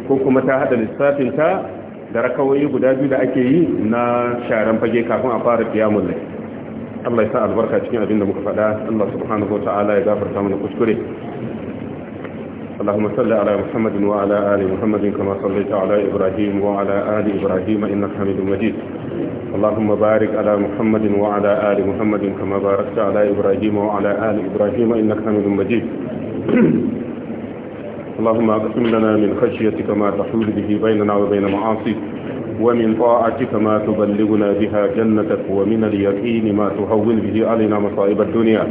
Speaker 1: ko kuma ta hada lissafin ta da rakawoyi guda biyu da ake yi na sharan fage kafin a fara kiyamun lai Allah ya sa albarka cikin abin da muka faɗa Allah subhanahu wa ta'ala ya gafarta mana kuskure اللهم صل على محمد وعلى آل محمد كما صليت على إبراهيم وعلى آل إبراهيم إنك حميد مجيد اللهم بارك على محمد وعلى آل محمد كما باركت على إبراهيم وعلى آل إبراهيم إنك حميد مجيد اللهم اقسم لنا من خشيتك ما تحول به بيننا وبين معاصيك ومن طاعتك ما تبلغنا بها جنتك ومن اليقين ما تهون به علينا مصائب الدنيا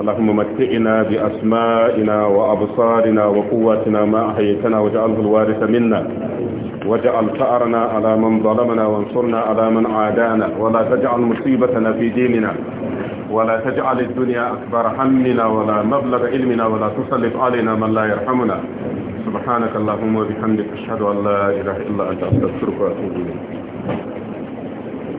Speaker 1: اللهم متعنا بأسمائنا وأبصارنا وقواتنا ما أحييتنا واجعله الوارث منا واجعل ثأرنا على من ظلمنا وانصرنا على من عادانا ولا تجعل مصيبتنا في ديننا ولا تجعل الدنيا أكبر همنا ولا مبلغ علمنا ولا تسلط علينا من لا يرحمنا سبحانك اللهم وبحمدك أشهد أن لا إله إلا أنت أستغفرك وأتوب إليك